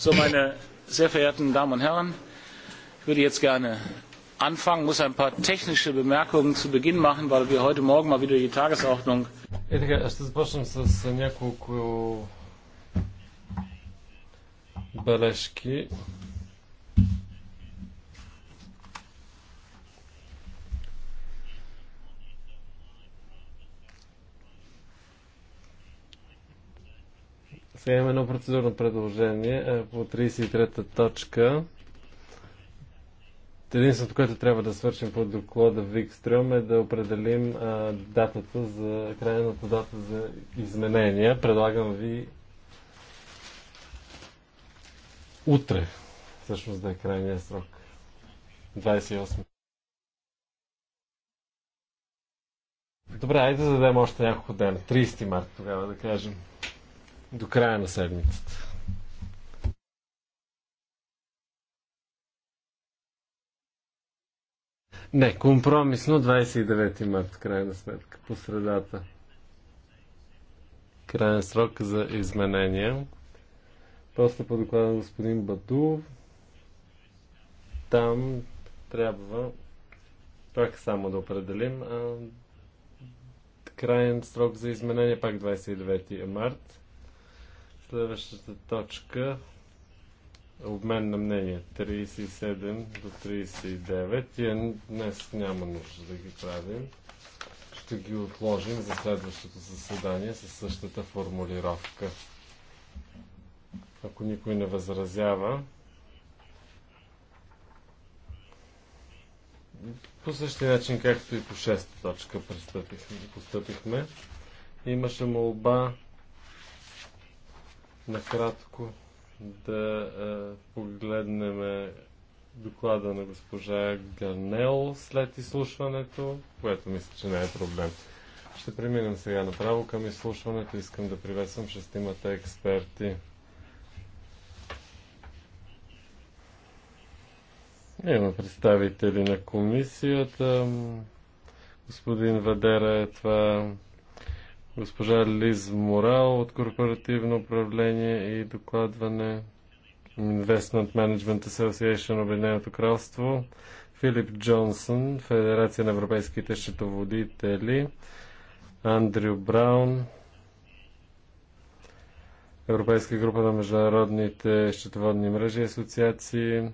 So, meine sehr verehrten Damen und Herren, ich würde jetzt gerne anfangen, muss ein paar technische Bemerkungen zu Beginn machen, weil wir heute Morgen mal wieder die Tagesordnung. Сега имаме едно процедурно предложение е, по 33-та точка. Единственото, което трябва да свършим по доклада Викстрюм е да определим а, е, датата за крайната дата за изменения. Предлагам ви утре, всъщност да е крайния срок. 28. Добре, айде да зададем още няколко дена. 30 марта тогава да кажем до края на седмицата. Не, компромисно 29 март, крайна сметка, по средата. Крайен срок за изменения. После по доклада на господин Бату, там трябва пак само да определим а, крайен срок за изменение, пак 29 март. Следващата точка е обмен на мнение 37 до 39. Тия днес няма нужда да ги правим. Ще ги отложим за следващото заседание със същата формулировка. Ако никой не възразява, по същия начин, както и по 6 точка постъпихме. Имаше молба накратко да е, погледнем доклада на госпожа Ганел след изслушването, което мисля, че не е проблем. Ще преминем сега направо към изслушването. Искам да приветствам шестимата експерти. Има представители на комисията. Господин Вадера е това госпожа Лиз Морал от корпоративно управление и докладване Investment Management Association Обединеното кралство, Филип Джонсън, Федерация на европейските счетоводители, Андрю Браун, Европейска група на международните счетоводни мрежи и асоциации,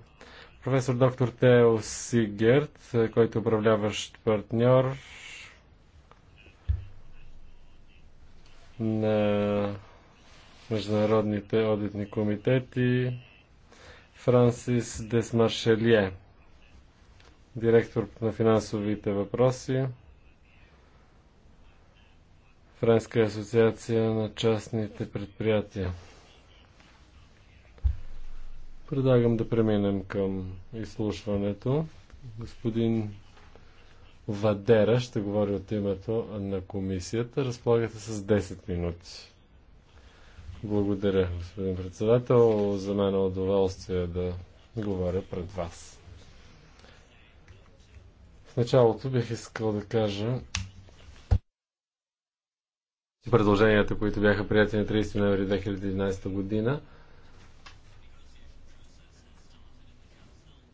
професор доктор Тео Сигерт, който е управляващ партньор на международните одитни комитети Франсис Десмаршелие, директор на финансовите въпроси, Френска асоциация на частните предприятия. Предлагам да преминем към изслушването. Господин Вадера ще говори от името на комисията. Разполагате с 10 минути. Благодаря, господин председател. За мен е удоволствие да говоря пред вас. В началото бих искал да кажа, че предложенията, които бяха прияти на 30 ноември 2011 година,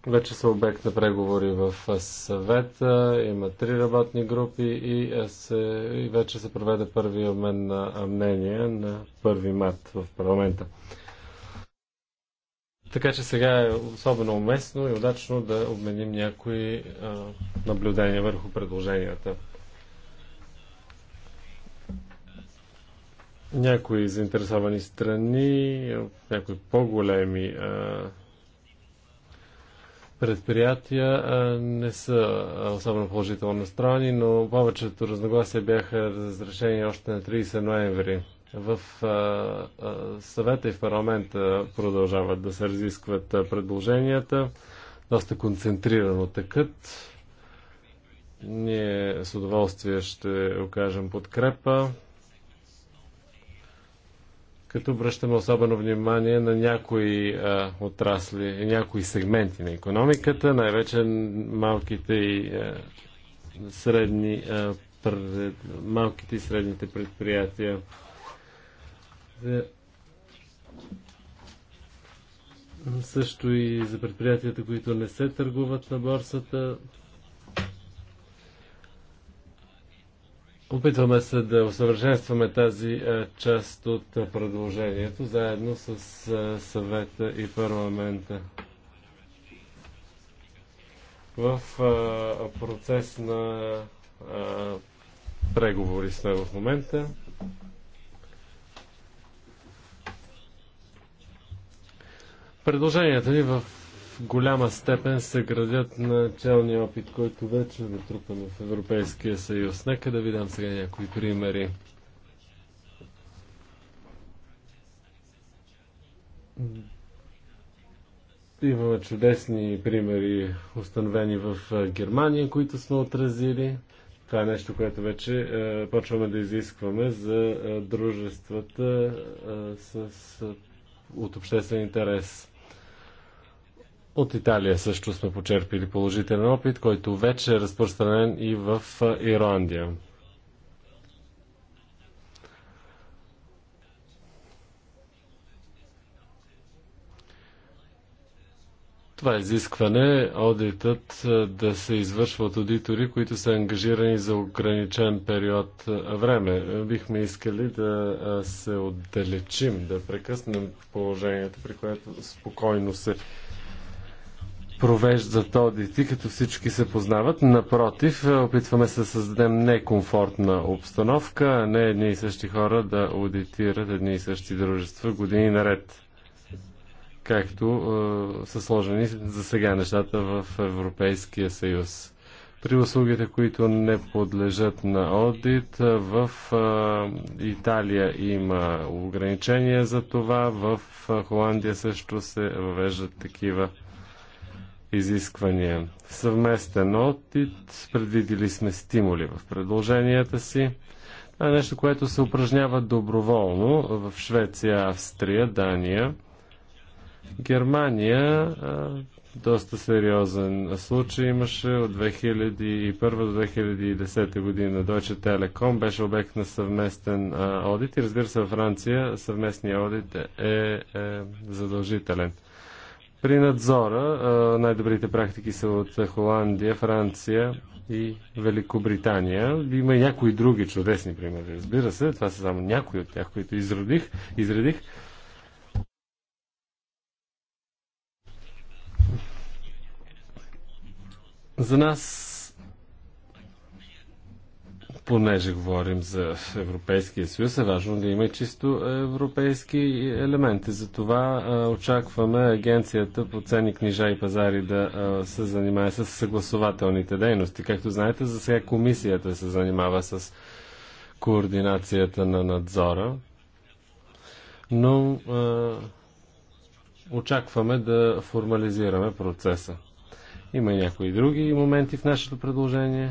вече са обект на преговори в съвета, има три работни групи и, е, се, и вече се проведе първи обмен на мнение на 1 март в парламента. Така че сега е особено уместно и удачно да обменим някои а, наблюдения върху предложенията. Някои заинтересовани страни, някои по-големи предприятия не са особено положително настроени, но повечето разногласия бяха разрешени още на 30 ноември. В съвета и в парламента продължават да се разискват предложенията. Доста концентрирано тъкът. Ние с удоволствие ще окажем подкрепа като връщаме особено внимание на някои а, отрасли, някои сегменти на економиката, най-вече малките и а, средни а, пред, малките и средните предприятия. Е, също и за предприятията, които не се търгуват на борсата. Опитваме се да усъвършенстваме тази е, част от предложението, заедно с е, съвета и парламента. В е, процес на преговори сме в момента. Предложенията ни в голяма степен се градят на челния опит, който вече е натрупан в Европейския съюз. Нека да ви дам сега някои примери. Имаме чудесни примери, установени в Германия, които сме отразили. Това е нещо, което вече е, почваме да изискваме за е, дружествата е, с, е, от обществен интерес. От Италия също сме почерпили положителен опит, който вече е разпространен и в Ирландия. Това изискване одитът да се извършва от аудитори, които са ангажирани за ограничен период време. Бихме искали да се отдалечим, да прекъснем положението, при което спокойно се провеждат одити, като всички се познават. Напротив, е, опитваме се да създадем некомфортна обстановка, а не едни и същи хора да аудитират едни и същи дружества години наред. Както е, са сложени за сега нещата в Европейския съюз. При услугите, които не подлежат на одит, е, в е, Италия има ограничения за това, в е, Холандия също се въвеждат такива изисквания. Съвместен опит, предвидили сме стимули в предложенията си. Това е нещо, което се упражнява доброволно в Швеция, Австрия, Дания. Германия доста сериозен случай имаше от 2001 до 2010 година. Deutsche Telekom беше обект на съвместен а, одит и разбира се във Франция съвместният одит е, е, е задължителен. При надзора най-добрите практики са от Холандия, Франция и Великобритания. Има и някои други чудесни примери, разбира се. Това са само някои от тях, които изродих, изредих. За нас понеже говорим за Европейския съюз, е важно да има чисто европейски елементи. Затова очакваме агенцията по ценни книжа и пазари да се занимае с съгласователните дейности. Както знаете, за сега комисията се занимава с координацията на надзора, но очакваме да формализираме процеса. Има и някои други моменти в нашето предложение,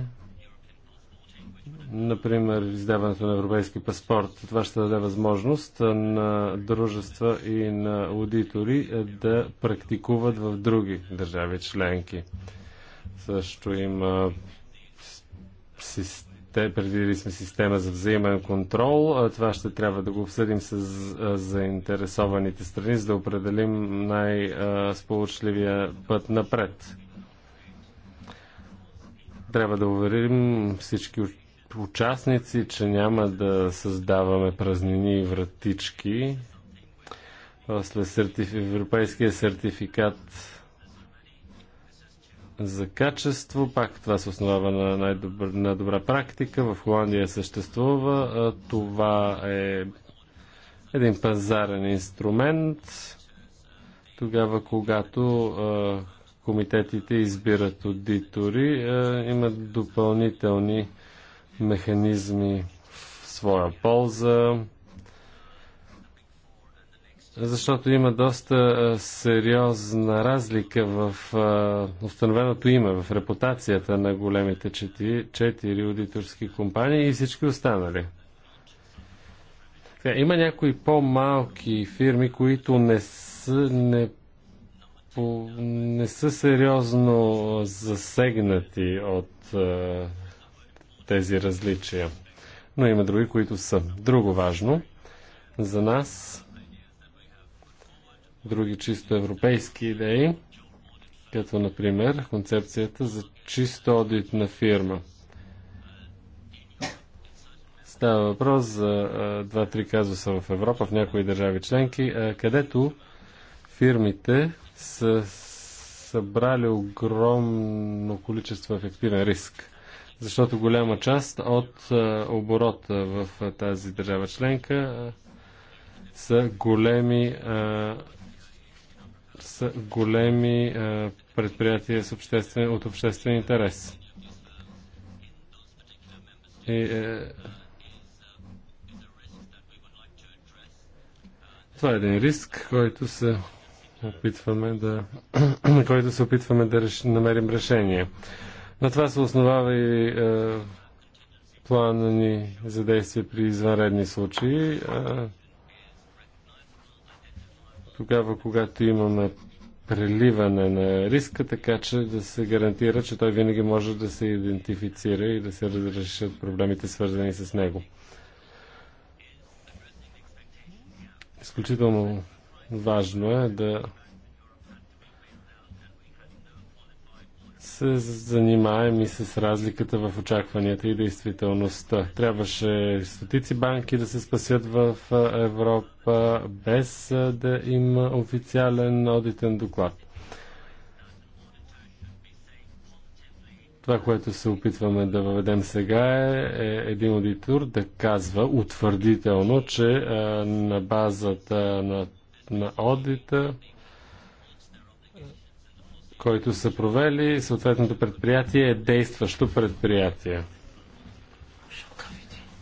Например, издаването на европейски паспорт. Това ще даде възможност на дружества и на аудитори да практикуват в други държави членки. Също има те предвидили сме система за взаимен контрол. Това ще трябва да го обсъдим с заинтересованите страни, за да определим най-сполучливия път напред. Трябва да уверим всички участници, че няма да създаваме празнини и вратички. После сертиф... европейския сертификат за качество, пак това се основава на, най-добър, на добра практика. В Холандия съществува. Това е един пазарен инструмент. Тогава, когато комитетите избират аудитори, имат допълнителни механизми в своя полза, защото има доста сериозна разлика в установеното име, в репутацията на големите четири, аудиторски компании и всички останали. Има някои по-малки фирми, които не са, не, по, не са сериозно засегнати от тези различия. Но има други, които са. Друго важно за нас, други чисто европейски идеи, като например концепцията за чисто одит на фирма. Става въпрос за два-три казуса в Европа, в някои държави членки, където фирмите са събрали огромно количество ефективен риск защото голяма част от оборота в тази държава членка са големи са големи предприятия с обществен, от обществен интерес. И, е, това е един риск, който се опитваме да, на който се опитваме да реш, намерим решение. На това се основава и е, плана ни за действие при извънредни случаи. Е, тогава, когато имаме преливане на риска, така че да се гарантира, че той винаги може да се идентифицира и да се разрешат проблемите, свързани с него. Изключително важно е да се занимаем и с разликата в очакванията и действителността. Трябваше стотици банки да се спасят в Европа без да има официален одитен доклад. Това, което се опитваме да въведем сега е, е един аудитор да казва утвърдително, че е, на базата на, на одита който са провели, съответното предприятие е действащо предприятие.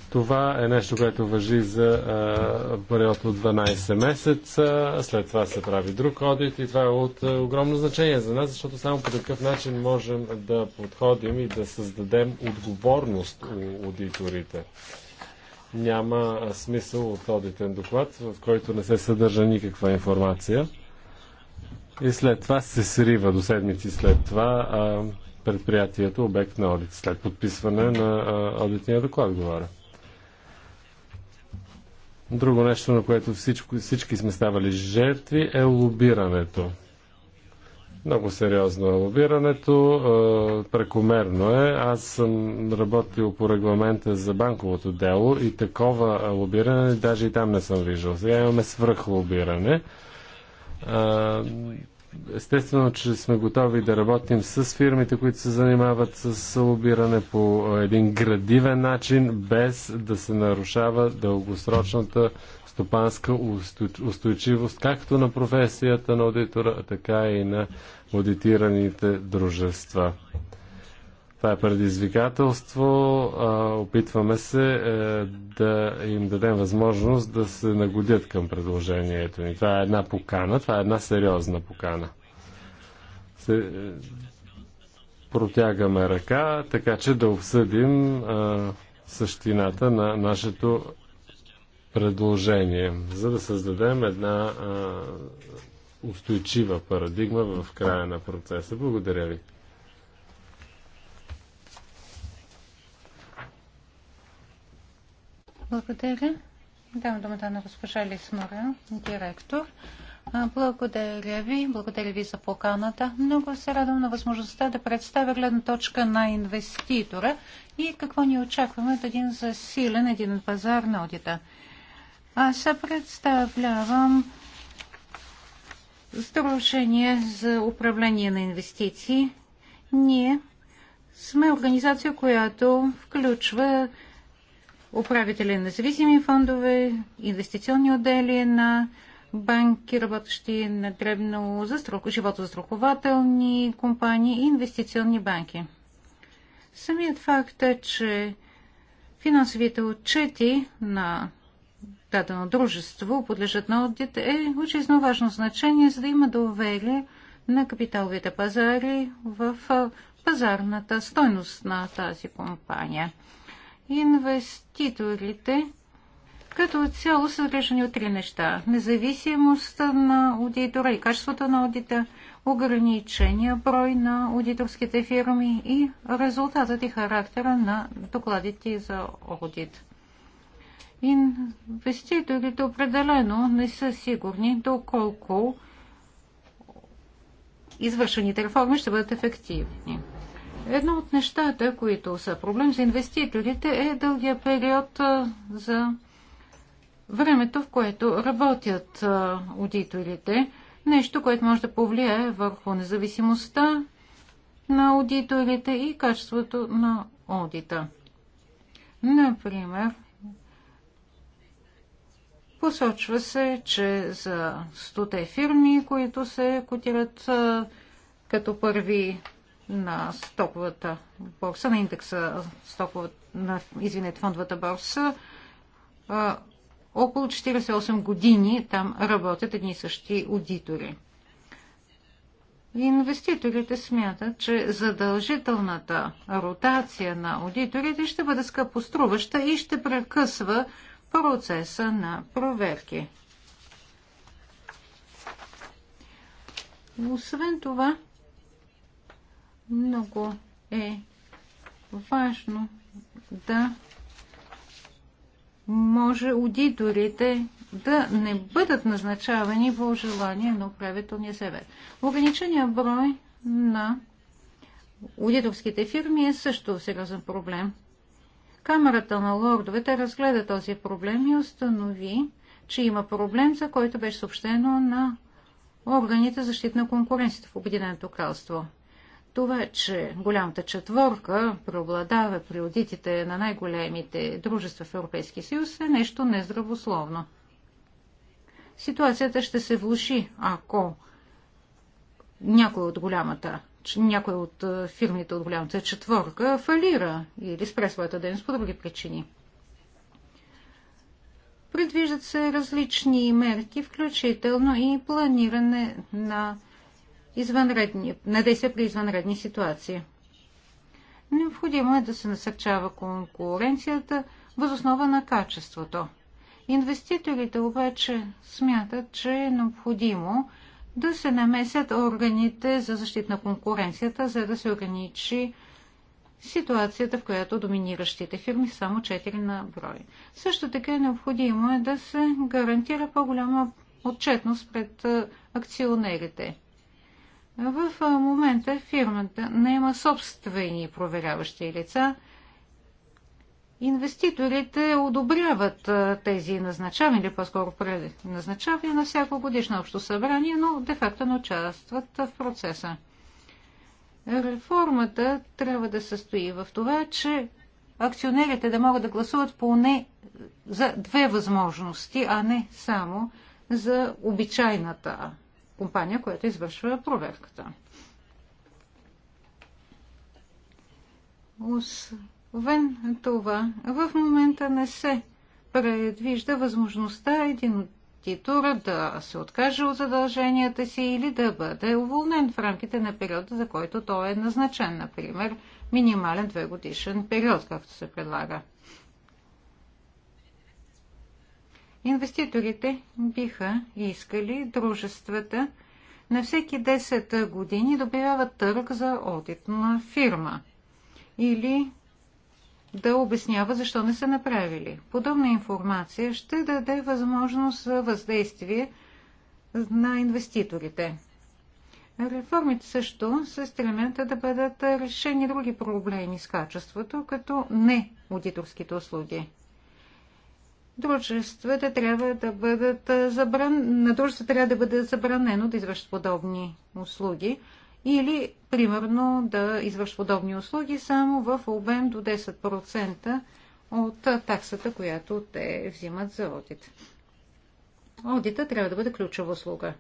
Това е нещо, което въжи за а, период от 12 месеца, след това се прави друг одит и това е от а, огромно значение за нас, защото само по такъв начин можем да подходим и да създадем отговорност у аудиторите. Няма смисъл от одитен доклад, в който не се съдържа никаква информация и след това се срива до седмици след това а, предприятието обект на одит, след подписване на а, одитния доклад, говоря. Друго нещо, на което всичко, всички сме ставали жертви, е лобирането. Много сериозно е лобирането, прекомерно е. Аз съм работил по регламента за банковото дело и такова лобиране даже и там не съм виждал. Сега имаме свръхлобиране. лобиране Естествено, че сме готови да работим с фирмите, които се занимават с лобиране по един градивен начин, без да се нарушава дългосрочната стопанска устойчивост, както на професията на аудитора, така и на аудитираните дружества. Това е предизвикателство. Опитваме се е, да им дадем възможност да се нагодят към предложението ни. Това е една покана, това е една сериозна покана. Се... Е, протягаме ръка, така че да обсъдим е, същината на нашето предложение, за да създадем една устойчива парадигма в края на процеса. Благодаря ви. Благодаря. Дам думата на госпожа Лис директор. Благодаря ви. Благодаря ви за поканата. Много се радвам на възможността да представя гледна точка на инвеститора и какво ни очакваме от един засилен един пазар на одита. Аз се представлявам Сдружение за управление на инвестиции. Ние сме организация, която включва управители на независими фондове, инвестиционни отдели на банки, работещи на дребно за животозастрахователни компании и инвестиционни банки. Самият факт е, че финансовите отчети на дадено дружество подлежат на аудит е очевидно важно значение, за да има доверие на капиталовите пазари в пазарната стойност на тази компания инвеститорите като цяло са грешени от три неща. Независимостта на аудитора и качеството на аудита, ограничения брой на аудиторските фирми и резултатът и характера на докладите за аудит. Инвеститорите определено не са сигурни доколко извършените реформи ще бъдат ефективни. Едно от нещата, които са проблем за инвеститорите, е дългия период за времето, в което работят аудиторите. Нещо, което може да повлияе върху независимостта на аудиторите и качеството на аудита. Например, посочва се, че за стоте фирми, които се котират като първи на стоковата борса, на индекса на, извинете, фондовата борса, около 48 години там работят едни и същи аудитори. Инвеститорите смятат, че задължителната ротация на аудиторите ще бъде скъпоструваща и ще прекъсва процеса на проверки. Освен това, много е важно да може аудиторите да не бъдат назначавани по желание на управителния съвет. Ограничения брой на аудиторските фирми е също сериозен проблем. Камерата на лордовете разгледа този проблем и установи, че има проблем, за който беше съобщено на органите защита на конкуренцията в Обединеното кралство това, че голямата четворка преобладава при аудитите на най-големите дружества в Европейския съюз е нещо нездравословно. Ситуацията ще се влуши, ако някой от голямата някой от фирмите от голямата четворка фалира или спре своята дейност по други причини. Предвиждат се различни мерки, включително и планиране на извънредни, на действия при извънредни ситуации. Необходимо е да се насърчава конкуренцията възоснова на качеството. Инвеститорите обаче смятат, че е необходимо да се намесят органите за защита на конкуренцията, за да се ограничи ситуацията, в която доминиращите фирми само 4 на брой. Също така е необходимо е да се гарантира по-голяма отчетност пред акционерите. В момента фирмата не има собствени проверяващи лица. Инвеститорите одобряват тези назначавания, или по-скоро назначавания на всяко годишно общо събрание, но де-факто не участват в процеса. Реформата трябва да състои в това, че акционерите да могат да гласуват поне за две възможности, а не само за обичайната компания, която извършва проверката. Освен това, в момента не се предвижда възможността един от титура да се откаже от задълженията си или да бъде уволнен в рамките на периода, за който той е назначен, например минимален двегодишен период, както се предлага. Инвеститорите биха искали дружествата на всеки 10 години да обявяват търг за одитна фирма или да обяснява защо не са направили. Подобна информация ще даде възможност за въздействие на инвеститорите. Реформите също се стремят да бъдат решени други проблеми с качеството, като не аудиторските услуги дружествата трябва да бъдат забран... на дружествата трябва да бъде забранено да извършат подобни услуги или, примерно, да извършат подобни услуги само в обем до 10% от таксата, която те взимат за одит. Одита трябва да бъде ключова услуга.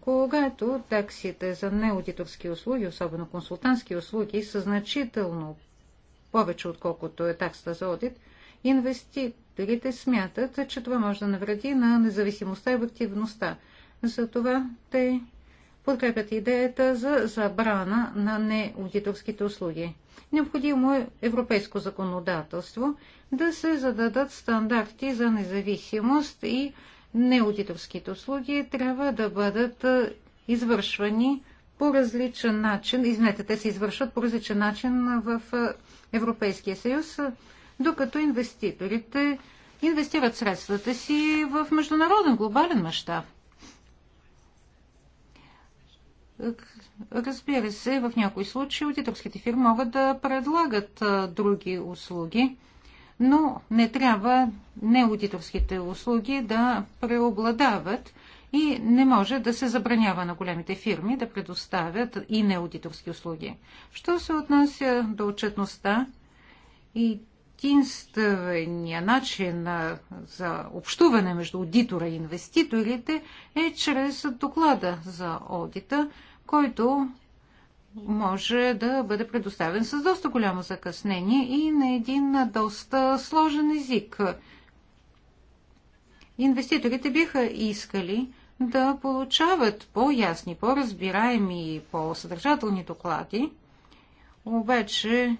Когато таксите за неаудиторски услуги, особено консултантски услуги, са значително повече, отколкото е таксата за одит – Инвеститорите смятат, че това може да навреди на независимостта и обективността. Затова те подкрепят идеята за забрана на неаудиторските услуги. Необходимо е европейско законодателство да се зададат стандарти за независимост и неаудиторските услуги трябва да бъдат извършвани по различен начин. Извинете, те се извършват по различен начин в Европейския съюз докато инвеститорите инвестират средствата си в международен глобален мащаб. Разбира се, в някои случаи аудиторските фирми могат да предлагат други услуги, но не трябва аудиторските услуги да преобладават и не може да се забранява на големите фирми да предоставят и аудиторски услуги. Що се отнася до отчетността, и единствения начин за общуване между аудитора и инвеститорите е чрез доклада за аудита, който може да бъде предоставен с доста голямо закъснение и на един доста сложен език. Инвеститорите биха искали да получават по-ясни, по-разбираеми и по-съдържателни доклади, обаче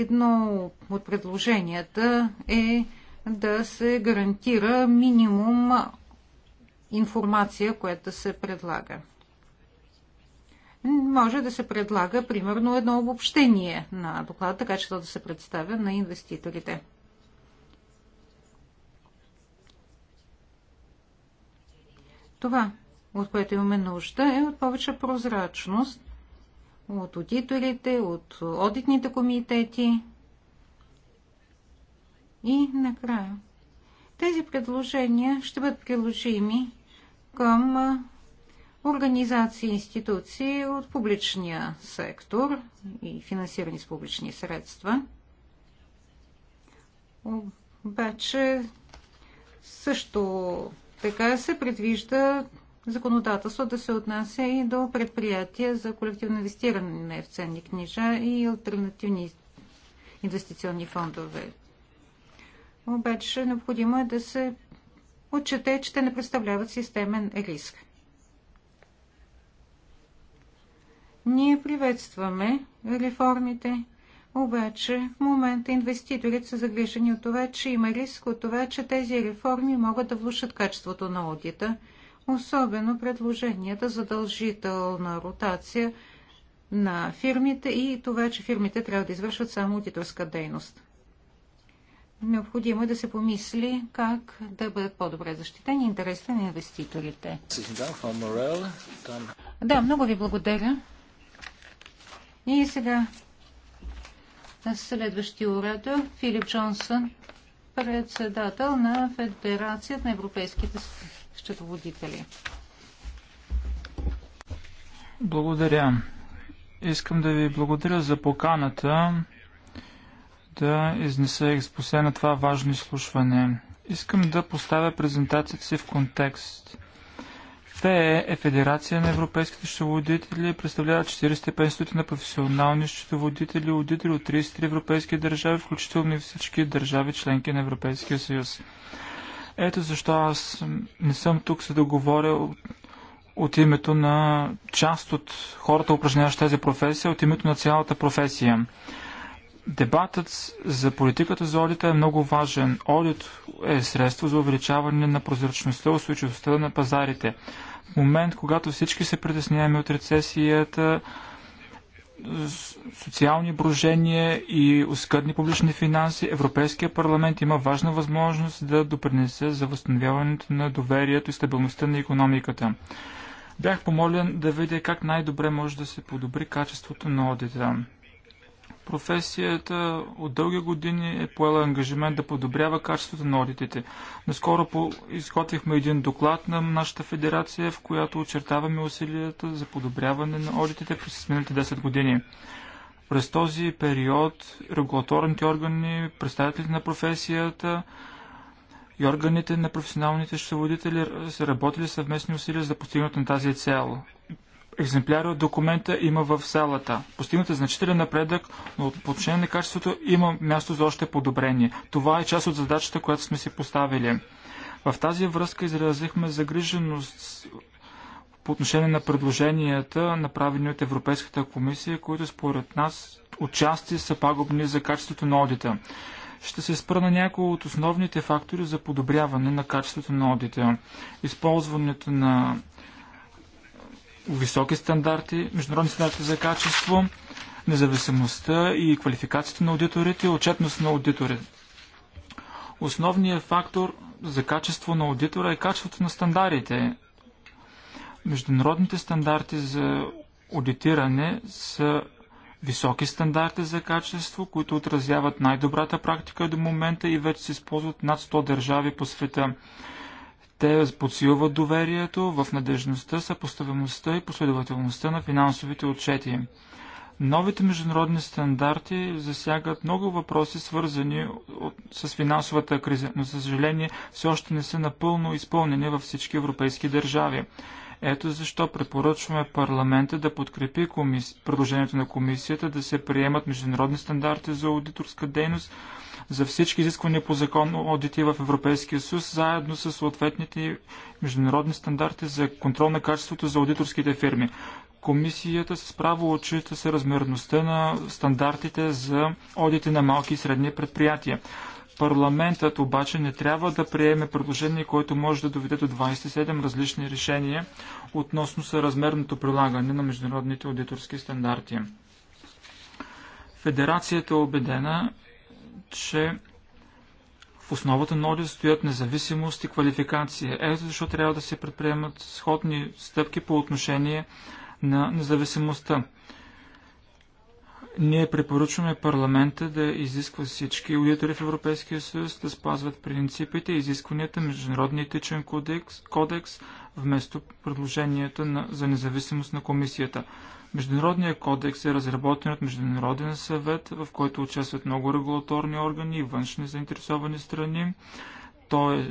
Едно от предложенията е да се гарантира минимум информация, която се предлага. Може да се предлага, примерно, едно обобщение на доклада, така че то да се представя на инвеститорите. Това, от което имаме нужда, е от повече прозрачност от аудиторите, от одитните комитети. И накрая. Тези предложения ще бъдат приложими към организации и институции от публичния сектор и финансирани с публични средства. Обаче също така се предвижда законодателство да се отнася и до предприятия за колективно инвестиране в ценни книжа и альтернативни инвестиционни фондове. Обаче необходимо е да се отчете, че те не представляват системен риск. Ние приветстваме реформите, обаче в момента инвеститорите са загрижени от това, че има риск от това, че тези реформи могат да влушат качеството на аудита – особено предложенията задължителна ротация на фирмите и това, че фирмите трябва да извършват само аудиторска дейност. Необходимо е да се помисли как да бъдат по-добре защитени интересите на инвеститорите. Да, много ви благодаря. И сега следващия оратор Филип Джонсън, председател на Федерацията на европейските счетоводители. Благодаря. Искам да ви благодаря за поканата да изнеса експосе на това важно изслушване. Искам да поставя презентацията си в контекст. ФЕ е Федерация на европейските счетоводители, представлява 450 на професионални счетоводители, аудитори от 33 европейски държави, включително и всички държави членки на Европейския съюз. Ето защо аз не съм тук, за да говоря от, от името на част от хората, упражняващи тази професия, от името на цялата професия. Дебатът за политиката за одита е много важен. Одит е средство за увеличаване на прозрачността, устойчивостта на пазарите. В момент, когато всички се притесняваме от рецесията, социални брожения и оскъдни публични финанси, Европейския парламент има важна възможност да допринесе за възстановяването на доверието и стабилността на економиката. Бях помолен да видя как най-добре може да се подобри качеството на одита професията от дълги години е поела ангажимент да подобрява качеството на одитите. Наскоро по... изготвихме един доклад на нашата федерация, в която очертаваме усилията за подобряване на одитите през изминалите 10 години. През този период регулаторните органи, представителите на професията и органите на професионалните счетоводители са работили съвместни усилия за постигането на тази цел екземпляри от документа има в залата. Постигнат е значителен напредък, но по отношение на качеството има място за още подобрение. Това е част от задачата, която сме си поставили. В тази връзка изразихме загриженост по отношение на предложенията, направени от Европейската комисия, които според нас отчасти са пагубни за качеството на одита. Ще се спра на някои от основните фактори за подобряване на качеството на одита. Използването на високи стандарти, международни стандарти за качество, независимостта и квалификацията на аудиторите, отчетност на аудиторите. Основният фактор за качество на аудитора е качеството на стандартите. Международните стандарти за аудитиране са високи стандарти за качество, които отразяват най-добрата практика до момента и вече се използват над 100 държави по света. Те подсилват доверието в надежността, съпоставеността и последователността на финансовите отчети. Новите международни стандарти засягат много въпроси, свързани с финансовата криза, но, за съжаление, все още не са напълно изпълнени във всички европейски държави. Ето защо препоръчваме парламента да подкрепи комис... предложението на комисията да се приемат международни стандарти за аудиторска дейност за всички изисквания по закон аудити в Европейския съюз, заедно с съответните международни стандарти за контрол на качеството за аудиторските фирми. Комисията с право отчита се размерността на стандартите за одити на малки и средни предприятия. Парламентът обаче не трябва да приеме предложение, което може да доведе до 27 различни решения относно съразмерното прилагане на международните аудиторски стандарти. Федерацията е убедена, че в основата на одит стоят независимост и квалификация. Ето защо трябва да се предприемат сходни стъпки по отношение на независимостта. Ние препоръчваме парламента да изисква всички аудитори в Европейския съюз да спазват принципите и изискванията на Международния етичен кодекс, кодекс вместо предложенията на, за независимост на комисията. Международният кодекс е разработен от Международен съвет, в който участват много регулаторни органи и външни заинтересовани страни. Той е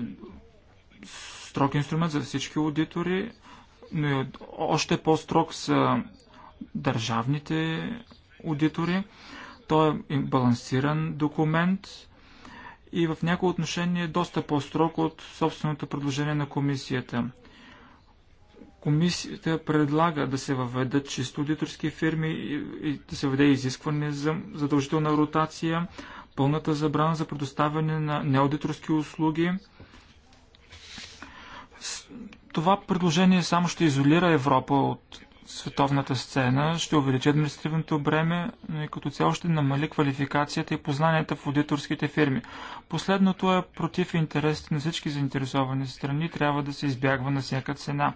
строг инструмент за всички аудитори, но и още по-строг са държавните аудитори. Той е балансиран документ и в някои отношения е доста по-строг от собственото предложение на комисията. Комисията предлага да се въведат чисто аудиторски фирми и да се въведе изискване за задължителна ротация, пълната забрана за предоставяне на неаудиторски услуги. Това предложение само ще изолира Европа от световната сцена, ще увеличи административното бреме, но и като цяло ще намали квалификацията и познанията в аудиторските фирми. Последното е против интересите на всички заинтересовани страни, трябва да се избягва на всяка цена.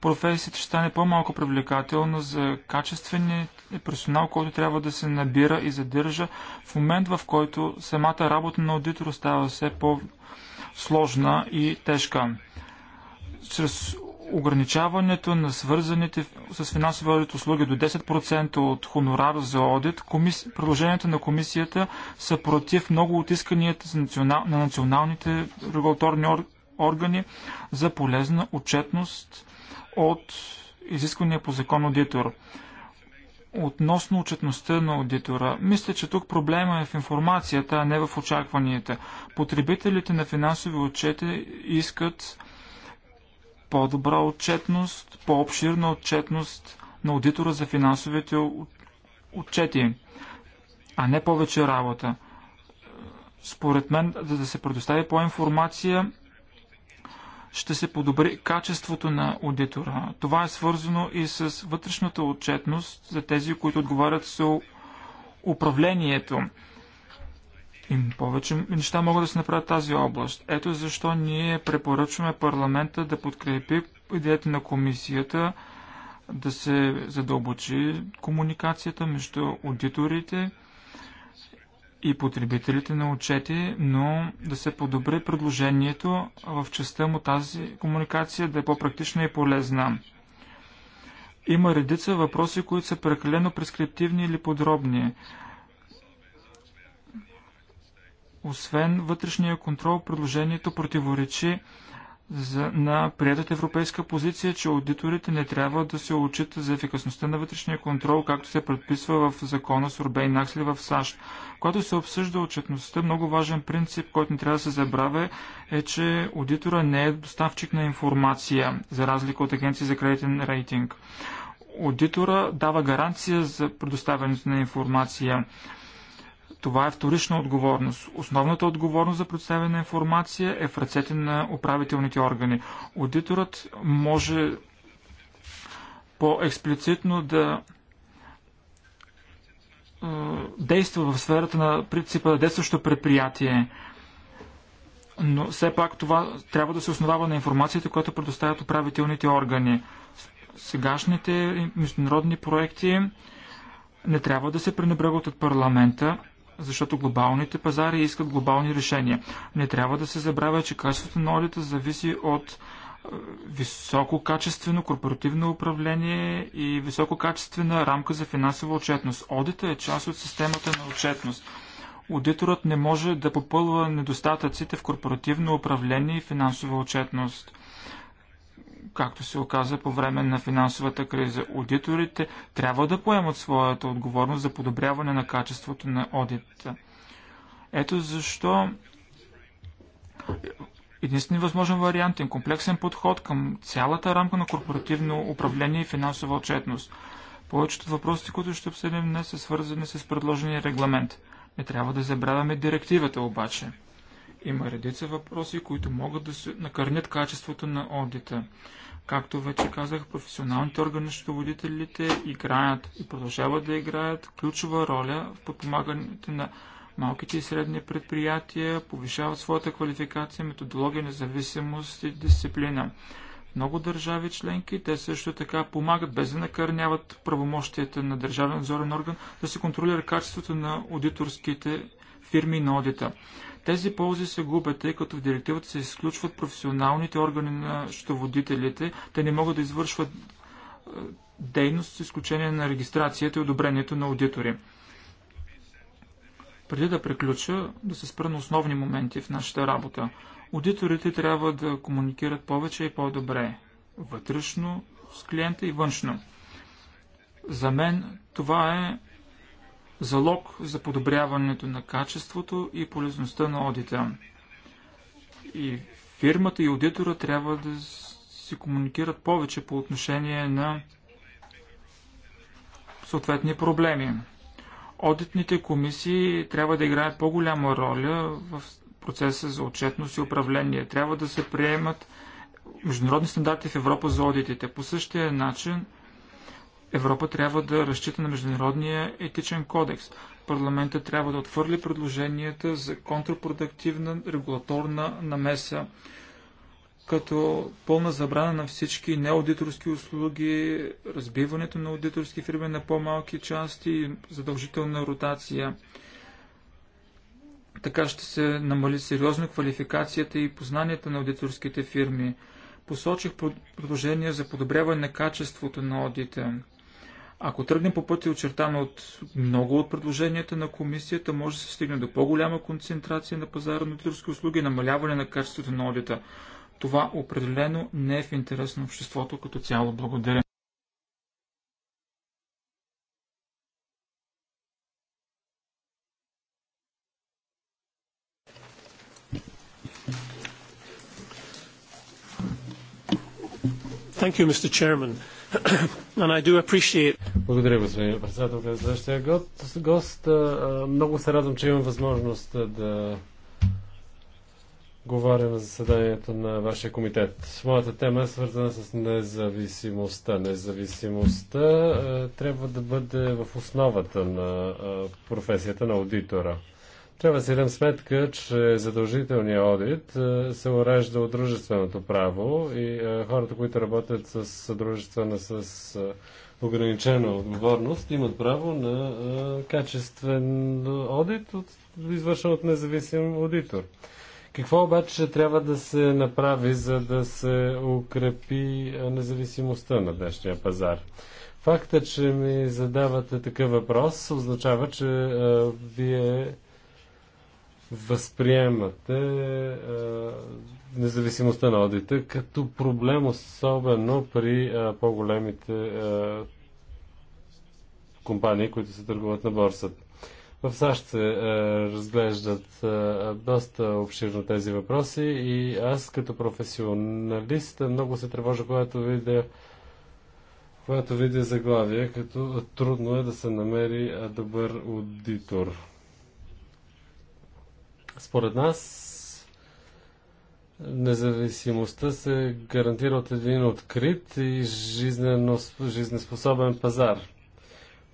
Професията ще стане по-малко привлекателна за качествения е персонал, който трябва да се набира и задържа в момент, в който самата работа на аудитор става все по-сложна и тежка чрез ограничаването на свързаните с финансови одит услуги до 10% от хонорара за одит, комис... на комисията са против много от исканията национал... на националните регулаторни ор... органи за полезна отчетност от изисквания по закон аудитор. Относно отчетността на аудитора, мисля, че тук проблема е в информацията, а не в очакванията. Потребителите на финансови отчети искат по-добра отчетност, по-обширна отчетност на аудитора за финансовите отчети, а не повече работа. Според мен, за да се предостави по-информация, ще се подобри качеството на аудитора. Това е свързано и с вътрешната отчетност за тези, които отговарят с управлението и повече неща могат да се направят тази област. Ето защо ние препоръчваме парламента да подкрепи идеята на комисията да се задълбочи комуникацията между аудиторите и потребителите на отчети, но да се подобри предложението в частта му тази комуникация да е по-практична и полезна. Има редица въпроси, които са прекалено прескриптивни или подробни. Освен вътрешния контрол, предложението противоречи за, на приятата европейска позиция, че аудиторите не трябва да се отчитат за ефикасността на вътрешния контрол, както се предписва в закона с Урбей Наксли в САЩ. Когато се обсъжда отчетността, много важен принцип, който не трябва да се забравя, е, че аудитора не е доставчик на информация, за разлика от агенции за кредитен рейтинг. Аудитора дава гаранция за предоставянето на информация. Това е вторична отговорност. Основната отговорност за представена информация е в ръцете на управителните органи. Аудиторът може по-експлицитно да е, действа в сферата на принципа действащо предприятие. Но все пак това трябва да се основава на информацията, която предоставят управителните органи. Сегашните международни проекти не трябва да се пренебрегват от парламента защото глобалните пазари искат глобални решения. Не трябва да се забравя, че качеството на одита зависи от е, висококачествено корпоративно управление и висококачествена рамка за финансова отчетност. Одита е част от системата на отчетност. Аудиторът не може да попълва недостатъците в корпоративно управление и финансова отчетност. Както се оказа по време на финансовата криза, аудиторите трябва да поемат своята отговорност за подобряване на качеството на одита. Ето защо единствен възможен вариант е комплексен подход към цялата рамка на корпоративно управление и финансова отчетност. Повечето от въпросите, които ще обсъдим днес, са свързани с предложения регламент. Не трябва да забравяме директивата обаче. Има редица въпроси, които могат да се накърнят качеството на одита. Както вече казах, професионалните органи счетоводителите играят и продължават да играят ключова роля в подпомагането на малките и средни предприятия, повишават своята квалификация, методология, независимост и дисциплина. Много държави членки, те също така помагат, без да накърняват правомощията на държавен надзорен орган, да се контролира качеството на аудиторските фирми на аудита. Тези ползи се губят, тъй като в директивата се изключват професионалните органи на щоводителите. Те не могат да извършват е, дейност с изключение на регистрацията и одобрението на аудитори. Преди да приключа, да се спра на основни моменти в нашата работа. Аудиторите трябва да комуникират повече и по-добре. Вътрешно с клиента и външно. За мен това е залог за подобряването на качеството и полезността на одита. И фирмата и аудитора трябва да си комуникират повече по отношение на съответни проблеми. Одитните комисии трябва да играят по-голяма роля в процеса за отчетност и управление. Трябва да се приемат международни стандарти в Европа за одитите. По същия начин – Европа трябва да разчита на Международния етичен кодекс. Парламента трябва да отвърли предложенията за контрпродуктивна регулаторна намеса, като пълна забрана на всички неаудиторски услуги, разбиването на аудиторски фирми на по-малки части и задължителна ротация. Така ще се намали сериозно квалификацията и познанията на аудиторските фирми. Посочих предложения за подобряване на качеството на одита, ако тръгнем по пътя очертано от много от предложенията на комисията, може да се стигне до по-голяма концентрация на пазара на аудиторски услуги и намаляване на качеството на одита. Това определено не е в интерес на обществото като цяло. Благодаря. Thank you, Mr. Chairman. and I do appreciate благодаря, господин председател. Следващия гост, гост много се радвам, че имам възможност да говоря на заседанието на вашия комитет. Моята тема е свързана с независимостта. Независимостта трябва да бъде в основата на професията на аудитора. Трябва да си дам сметка, че задължителният одит се урежда от дружественото право и хората, които работят с дружествена с ограничена отговорност, имат право на качествен одит, от, извършен от независим аудитор. Какво обаче трябва да се направи, за да се укрепи независимостта на днешния пазар? Факта, че ми задавате такъв въпрос, означава, че а, вие възприемате а, независимостта на одита като проблем, особено при по-големите компании, които се търгуват на борсата. В САЩ се разглеждат доста обширно тези въпроси и аз като професионалист много се тревожа, когато видя когато видя заглавие, като трудно е да се намери добър аудитор. Според нас Независимостта се гарантира от един открит и жизнено, жизнеспособен пазар.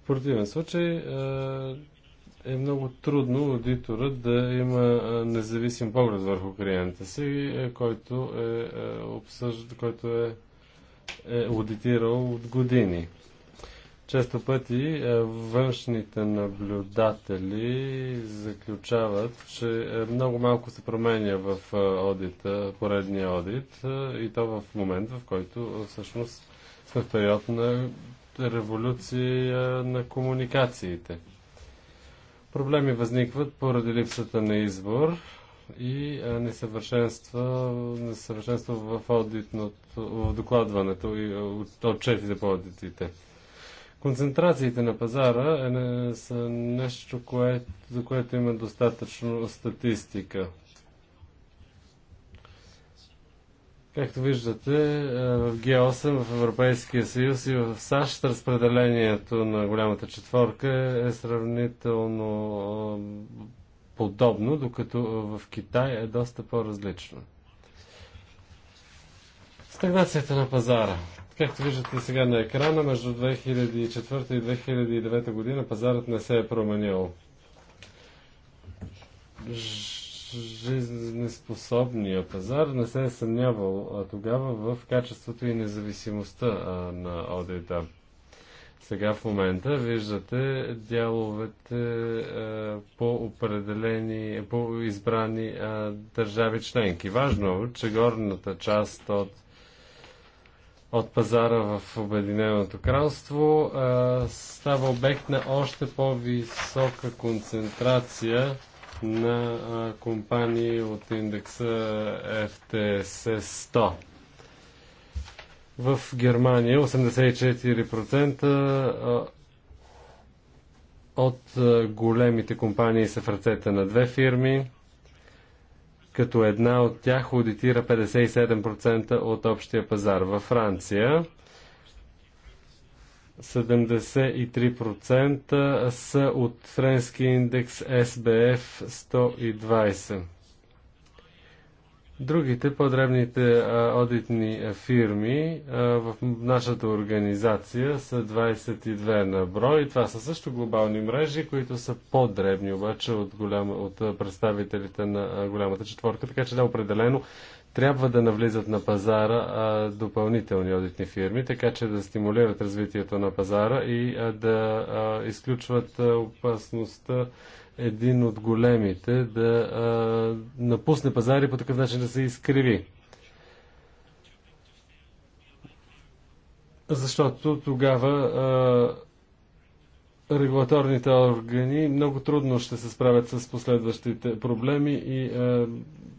В противен случай е, е много трудно аудитора да има е, независим поглед върху клиента си, е, който е, обсъжда, който е, е аудитирал от години. Често пъти е, външните наблюдатели заключават, че е, много малко се променя в е, одита, поредния одит и то в момент, в който всъщност сме в период на революция на комуникациите. Проблеми възникват поради липсата на избор и несъвършенства, несъвършенства в, одитното, в докладването и от, от по одитите. Концентрациите на пазара е, не, са нещо, кое, за което има достатъчно статистика. Както виждате, е, в Г8, в Европейския съюз и в САЩ разпределението на голямата четворка е, е сравнително е, подобно, докато в Китай е доста по-различно. Стагнацията на пазара – Както виждате сега на екрана, между 2004 и 2009 година пазарът не се е променил. Жизнеспособният пазар не се е съмнявал тогава в качеството и независимостта на одита. Сега в момента виждате дяловете по определени, по избрани държави членки. Важно, е, че горната част от от пазара в Обединеното кралство става обект на още по-висока концентрация на компании от индекса FTS 100. В Германия 84% от големите компании са в ръцете на две фирми, като една от тях аудитира 57% от общия пазар. Във Франция 73% са от френски индекс SBF 120. Другите по-древните одитни фирми а, в нашата организация са 22 на брой. Това са също глобални мрежи, които са по-древни обаче от, голям, от представителите на голямата четворка. Така че да, определено трябва да навлизат на пазара а, допълнителни одитни фирми, така че да стимулират развитието на пазара и а, да а, изключват а, опасността един от големите да а, напусне пазари по такъв начин да се изкриви. Защото тогава а, регулаторните органи много трудно ще се справят с последващите проблеми и а,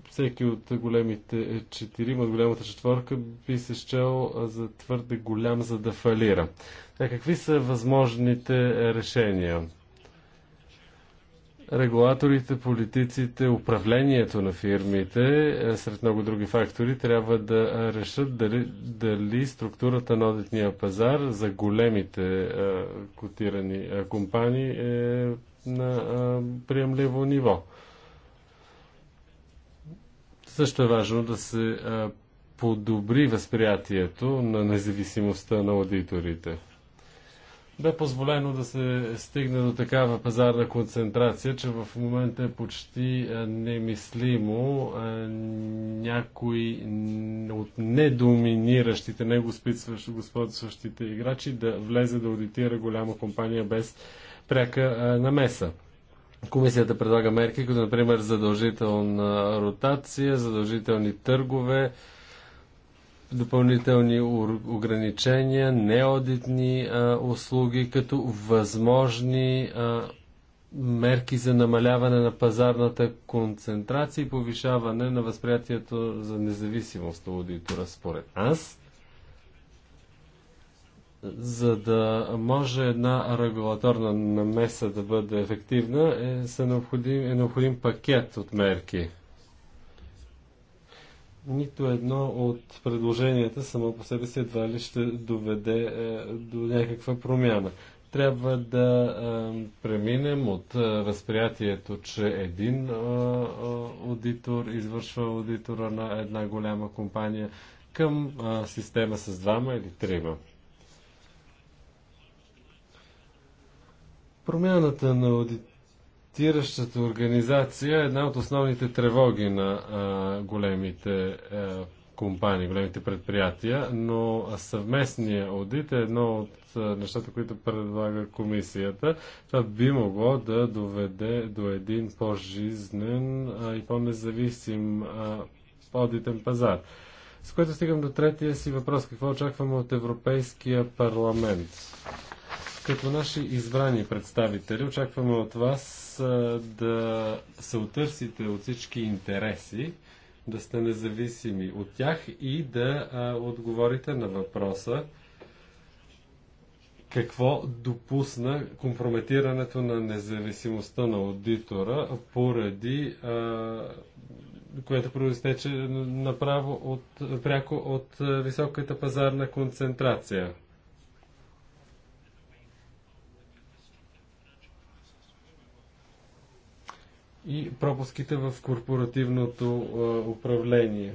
всеки от големите четирима, от голямата четворка би се счел за твърде голям, за да фалира. А какви са възможните решения? регулаторите, политиците, управлението на фирмите, е, сред много други фактори, трябва да решат дали, дали структурата на одитния пазар за големите а, е, котирани а, е, компании е на а, приемливо ниво. Също е важно да се а, подобри възприятието на независимостта на аудиторите бе позволено да се стигне до такава пазарна концентрация, че в момента е почти е, немислимо е, някои от недоминиращите, не господстващите играчи да влезе да аудитира голяма компания без пряка е, намеса. Комисията предлага мерки, като например задължителна ротация, задължителни търгове, допълнителни ограничения, неодитни а, услуги като възможни а, мерки за намаляване на пазарната концентрация и повишаване на възприятието за независимост на аудитора, според нас. За да може една регулаторна намеса да бъде ефективна, е, са необходим, е необходим пакет от мерки – нито едно от предложенията само по себе си едва ли ще доведе е, до някаква промяна. Трябва да е, преминем от възприятието, е, че един аудитор извършва аудитора на една голяма компания към система с двама или трима. Промяната на аудитора протестиращата организация е една от основните тревоги на а, големите а, компании, големите предприятия, но съвместния аудит е едно от а, нещата, които предлага комисията. Това би могло да доведе до един по-жизнен и по-независим аудитен пазар. С което стигам до третия си въпрос. Какво очакваме от Европейския парламент? Като наши избрани представители очакваме от вас да се отърсите от всички интереси, да сте независими от тях и да а, отговорите на въпроса какво допусна компрометирането на независимостта на аудитора поради а, което произтече направо от, пряко от високата пазарна концентрация. и пропуските в корпоративното управление.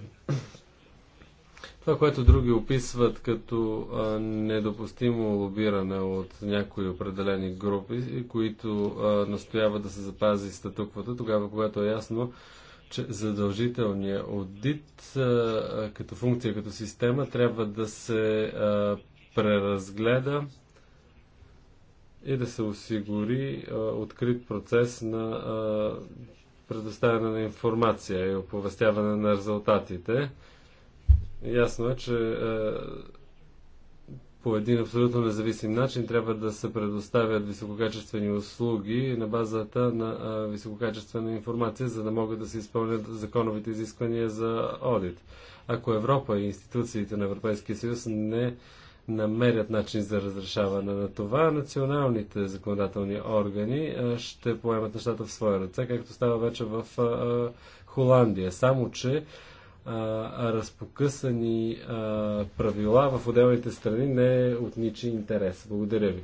Това, което други описват като недопустимо лобиране от някои определени групи, които настояват да се запази статуквата, тогава, когато е ясно, че задължителният аудит като функция, като система трябва да се преразгледа и е да се осигури а, открит процес на а, предоставяне на информация и оповестяване на резултатите. Ясно е, че а, по един абсолютно независим начин трябва да се предоставят висококачествени услуги на базата на а, висококачествена информация, за да могат да се изпълнят законовите изисквания за одит. Ако Европа и институциите на Европейския съюз не намерят начин за разрешаване на това, националните законодателни органи ще поемат нещата в своя ръце, както става вече в Холандия. Само, че разпокъсани правила в отделните страни не от ничи интерес. Благодаря ви.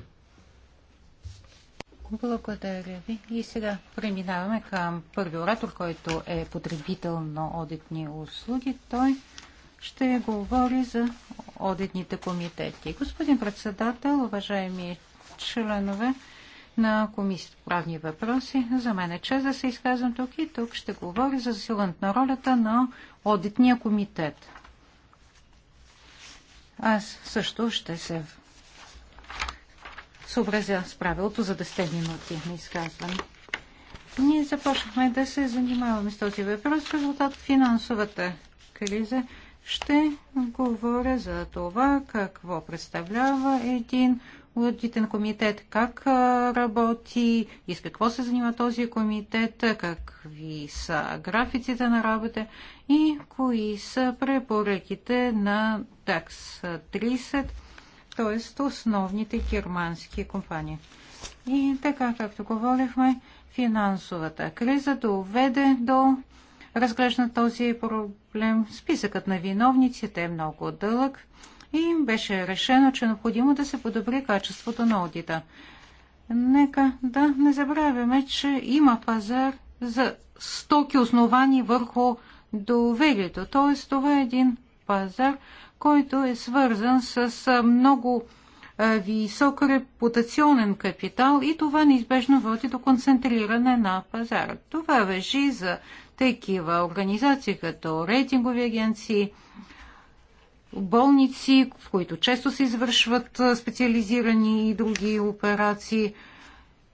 Благодаря ви. И сега преминаваме към първи оратор, който е потребител на одитни услуги. Той ще говори за одитните комитети. Господин председател, уважаеми членове на Комисията по правни въпроси, за мен е чест да се изказвам тук и тук ще говоря за засилването на ролята на одитния комитет. Аз също ще се съобразя с правилото за 10 минути на изказване. Ние започнахме да се занимаваме с този въпрос в резултат финансовата криза ще говоря за това какво представлява един аудитен комитет, как работи и с какво се занимава този комитет, какви са графиците на работа и кои са препоръките на TAX 30, т.е. основните германски компании. И така, както говорихме, финансовата криза доведе до разглежда този проблем. Списъкът на виновниците е много дълъг и им беше решено, че е необходимо да се подобри качеството на одита. Нека да не забравяме, че има пазар за стоки основани върху доверието. Т.е. това е един пазар, който е свързан с много висок репутационен капитал и това неизбежно води до концентриране на пазара. Това въжи за такива организации, като рейтингови агенции, болници, в които често се извършват специализирани и други операции,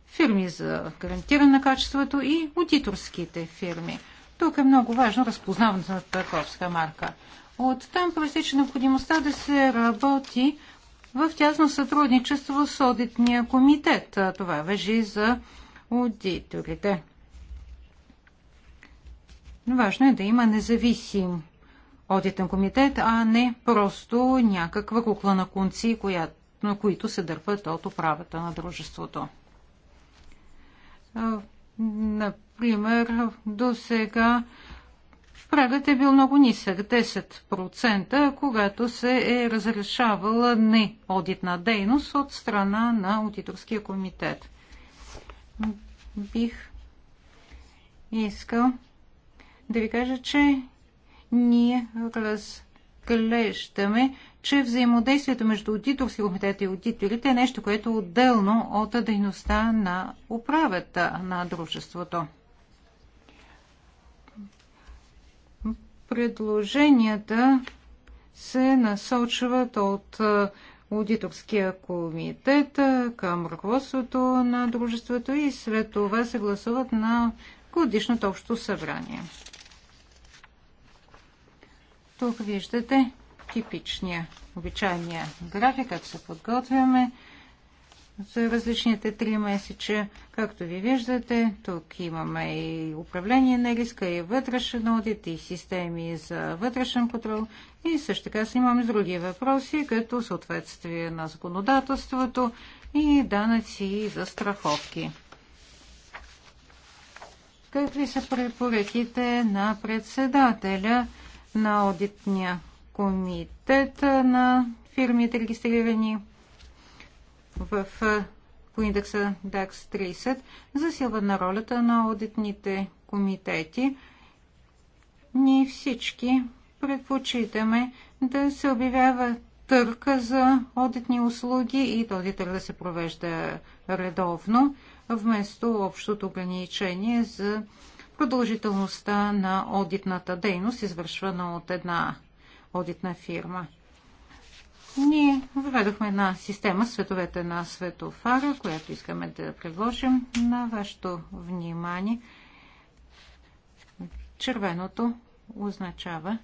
фирми за гарантиране на качеството и аудиторските фирми. Тук е много важно разпознаването на търговска марка. От там проистича необходимостта да се работи в тясно сътрудничество с одитния комитет. Това въжи за аудиторите. Важно е да има независим одитен комитет, а не просто някаква кукла на конци, коя, на които се дърпат от управата на дружеството. Например, до сега прагът е бил много нисък 10%, когато се е разрешавала не одитна дейност от страна на аудиторския комитет. Бих искал да ви кажа, че ние разглеждаме, че взаимодействието между аудиторски комитет и аудиторите е нещо, което е отделно от дейността на управата на дружеството. Предложенията се насочват от аудиторския комитет към ръководството на дружеството и след това се гласуват на годишното общо събрание. Тук виждате типичния, обичайния график, как се подготвяме за различните три месеча. Както ви виждате, тук имаме и управление на риска, и вътрешен одит, и системи за вътрешен контрол. И също така си имаме други въпроси, като съответствие на законодателството и данъци и за страховки. Какви са препоръките на председателя? на аудитния комитет на фирмите, регистрирани в, по индекса DAX 30, засилва на ролята на аудитните комитети. Ние всички предпочитаме да се обявява търка за одитни услуги и този търк да се провежда редовно, вместо общото ограничение за продължителността на одитната дейност, извършвана от една одитна фирма. Ние въведохме една система, световете на светофара, която искаме да предложим на вашето внимание. Червеното означава,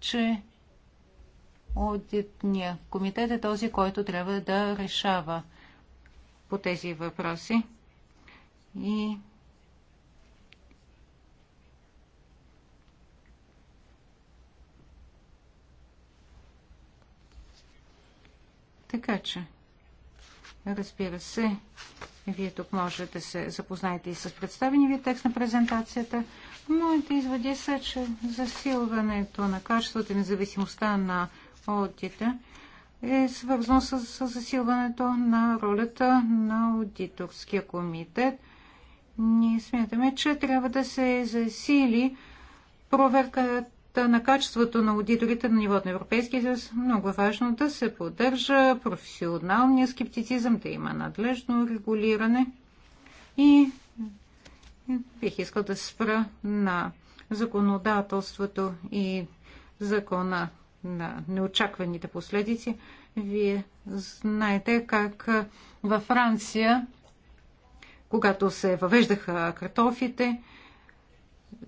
че одитният комитет е този, който трябва да решава по тези въпроси. И Така че, разбира се, вие тук можете да се запознаете и с представени ви текст на презентацията. Моите изводи са, че засилването на качеството и независимостта на аудита е свързано с засилването на ролята на аудиторския комитет. Ние смятаме, че трябва да се засили проверката на качеството на аудиторите на нивото на Европейския съюз, много е важно да се поддържа професионалния скептицизъм, да има надлежно регулиране и бих искал да спра на законодателството и закона на неочакваните последици. Вие знаете как във Франция, когато се въвеждаха картофите,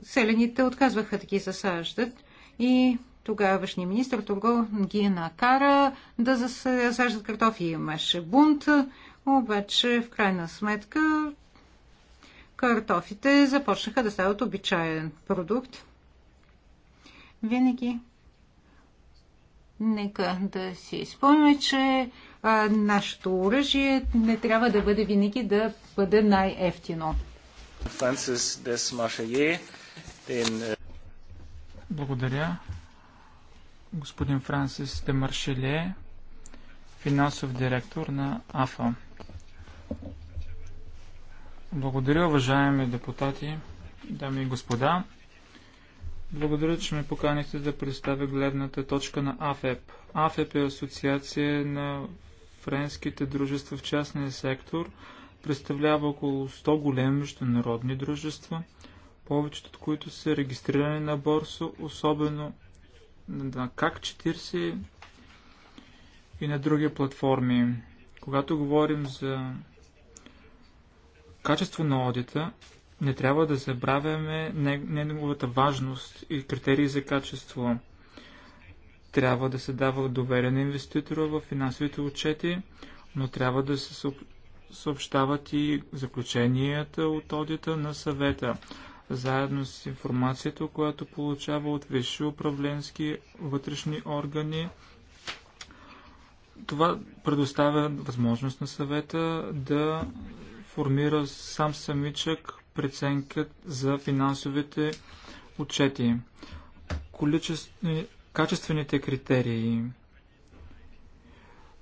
селените отказваха да ги засаждат и тогавашния министр Турго ги накара да засаждат картофи. Имаше бунт, обаче в крайна сметка картофите започнаха да стават обичаен продукт. Винаги нека да си спомня, че а, нашето оръжие не трябва да бъде винаги да бъде най-ефтино. Франсис Десмашае благодаря. Господин Франсис Маршеле, финансов директор на АФА. Благодаря, уважаеми депутати, дами и господа. Благодаря, че ме поканихте да представя гледната точка на АФЕП. АФЕП е асоциация на френските дружества в частния сектор, представлява около 100 големи международни дружества – повечето от които са регистрирани на борса, особено на как 40 и на други платформи. Когато говорим за качество на одита, не трябва да забравяме неговата важност и критерии за качество. Трябва да се дава доверие на инвеститора в финансовите отчети, но трябва да се съобщават и заключенията от одита на съвета заедно с информацията, която получава от висши управленски вътрешни органи. Това предоставя възможност на съвета да формира сам самичък преценка за финансовите отчети, качествените критерии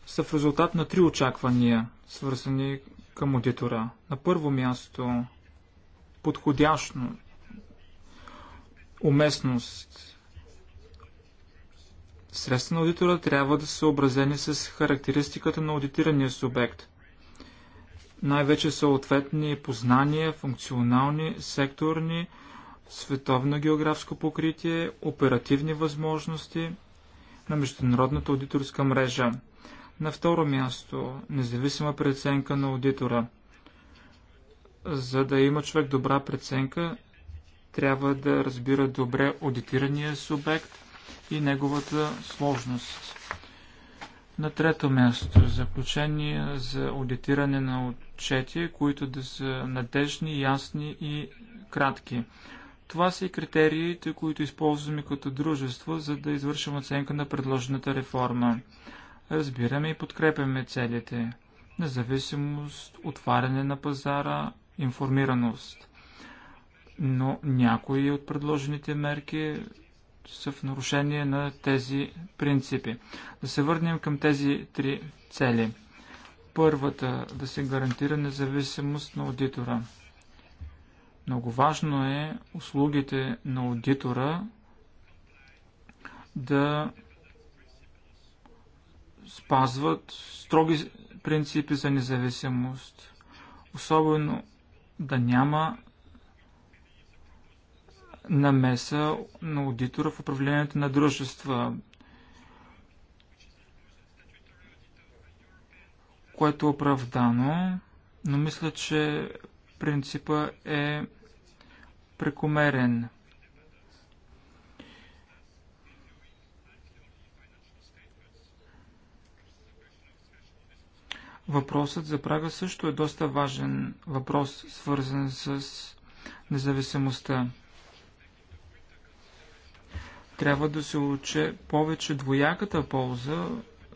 са в резултат на три очаквания, свързани към аудитора. На първо място подходящо уместност. Средства на аудитора трябва да са съобразени с характеристиката на аудитирания субект. Най-вече съответни познания, функционални, секторни, световно географско покритие, оперативни възможности на международната аудиторска мрежа. На второ място, независима преценка на аудитора – за да има човек добра преценка, трябва да разбира добре аудитирания субект и неговата сложност. На трето място, заключение за аудитиране на отчети, които да са надежни, ясни и кратки. Това са и критериите, които използваме като дружество, за да извършим оценка на предложената реформа. Разбираме и подкрепяме целите. Независимост, отваряне на пазара, информираност. Но някои от предложените мерки са в нарушение на тези принципи. Да се върнем към тези три цели. Първата да се гарантира независимост на аудитора. Много важно е услугите на аудитора да спазват строги принципи за независимост, особено да няма намеса на аудитора в управлението на дружества, което е оправдано, но мисля, че принципа е прекомерен. Въпросът за прага също е доста важен въпрос, свързан с независимостта. Трябва да се уче повече двояката полза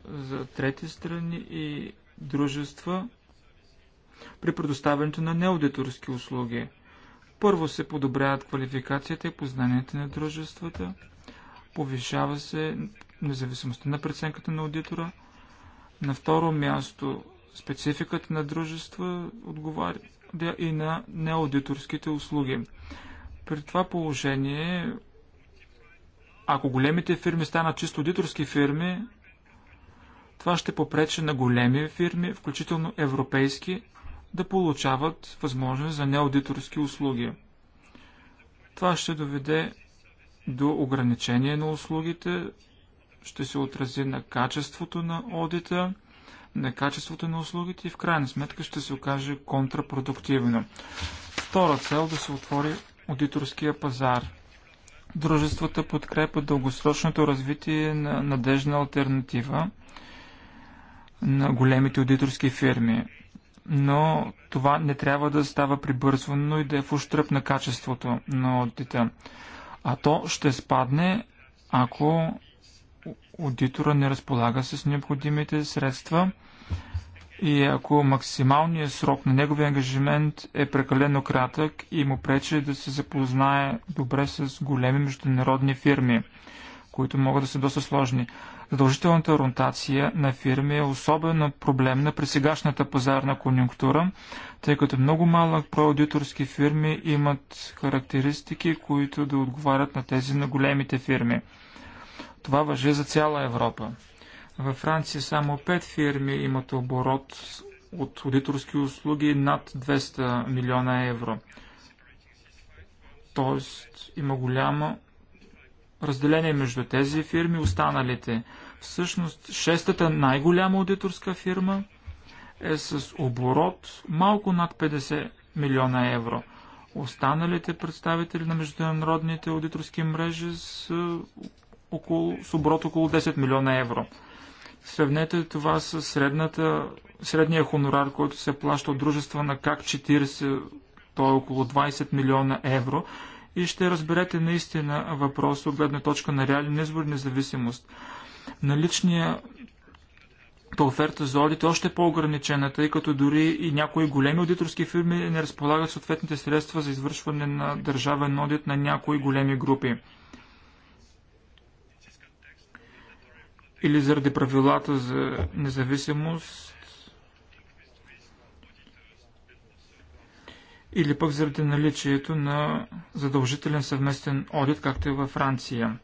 за трети страни и дружества при предоставянето на неаудиторски услуги. Първо се подобряват квалификацията и познанията на дружествата, повишава се независимостта на преценката на аудитора. На второ място Спецификата на дружества отговаря и на неаудиторските услуги. При това положение, ако големите фирми станат чисто аудиторски фирми, това ще попречи на големи фирми, включително европейски, да получават възможност за неаудиторски услуги. Това ще доведе до ограничение на услугите, ще се отрази на качеството на одита, на качеството на услугите и в крайна сметка ще се окаже контрапродуктивно. Втора цел да се отвори аудиторския пазар. Дружествата подкрепят дългосрочното развитие на надежна альтернатива на големите аудиторски фирми. Но това не трябва да става прибързвано и да е в ущръп на качеството на аудита. А то ще спадне, ако аудитора не разполага с необходимите средства и ако максималният срок на неговия ангажимент е прекалено кратък и му пречи да се запознае добре с големи международни фирми, които могат да са доста сложни. Задължителната ротация на фирми е особено проблемна при сегашната пазарна конюнктура, тъй като много малък проаудиторски аудиторски фирми имат характеристики, които да отговарят на тези на големите фирми. Това въжи за цяла Европа. Във Франция само 5 фирми имат оборот от аудиторски услуги над 200 милиона евро. Тоест има голямо разделение между тези фирми и останалите. Всъщност, шестата най-голяма аудиторска фирма е с оборот малко над 50 милиона евро. Останалите представители на международните аудиторски мрежи са около, с оборот около 10 милиона евро. Сравнете това с средната, средния хонорар, който се плаща от дружества на как 40, то е около 20 милиона евро и ще разберете наистина въпрос от гледна точка на реален избор и независимост. Наличния оферта за одит е още по-ограничена, тъй като дори и някои големи аудиторски фирми не разполагат съответните средства за извършване на държавен одит на някои големи групи. или заради правилата за независимост, или пък заради наличието на задължителен съвместен одит, както и във Франция.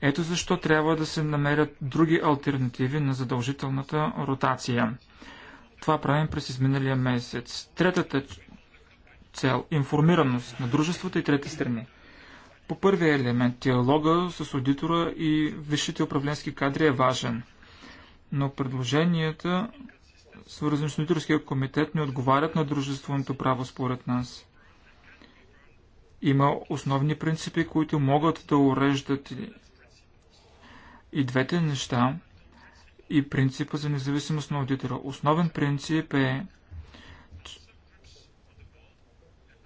Ето защо трябва да се намерят други альтернативи на задължителната ротация. Това правим през изминалия месец. Третата цел – информираност на дружеството и трети страни – по първия елемент, диалога с аудитора и висшите управленски кадри е важен, но предложенията свързани с аудиторския комитет не отговарят на дружественото право според нас. Има основни принципи, които могат да уреждат и двете неща и принципа за независимост на аудитора. Основен принцип е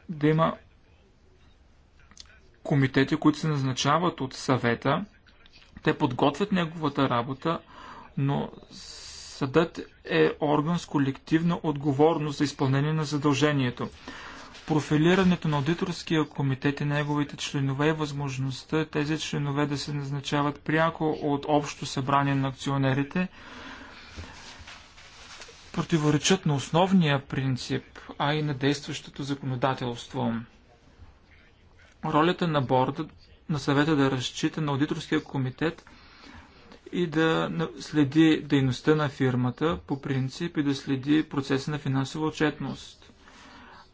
да има комитети, които се назначават от съвета. Те подготвят неговата работа, но съдът е орган с колективна отговорност за изпълнение на задължението. Профилирането на аудиторския комитет и неговите членове и възможността тези членове да се назначават пряко от общо събрание на акционерите противоречат на основния принцип, а и на действащото законодателство ролята на борда, на съвета да разчита на аудиторския комитет и да следи дейността на фирмата по принцип и да следи процеса на финансова отчетност.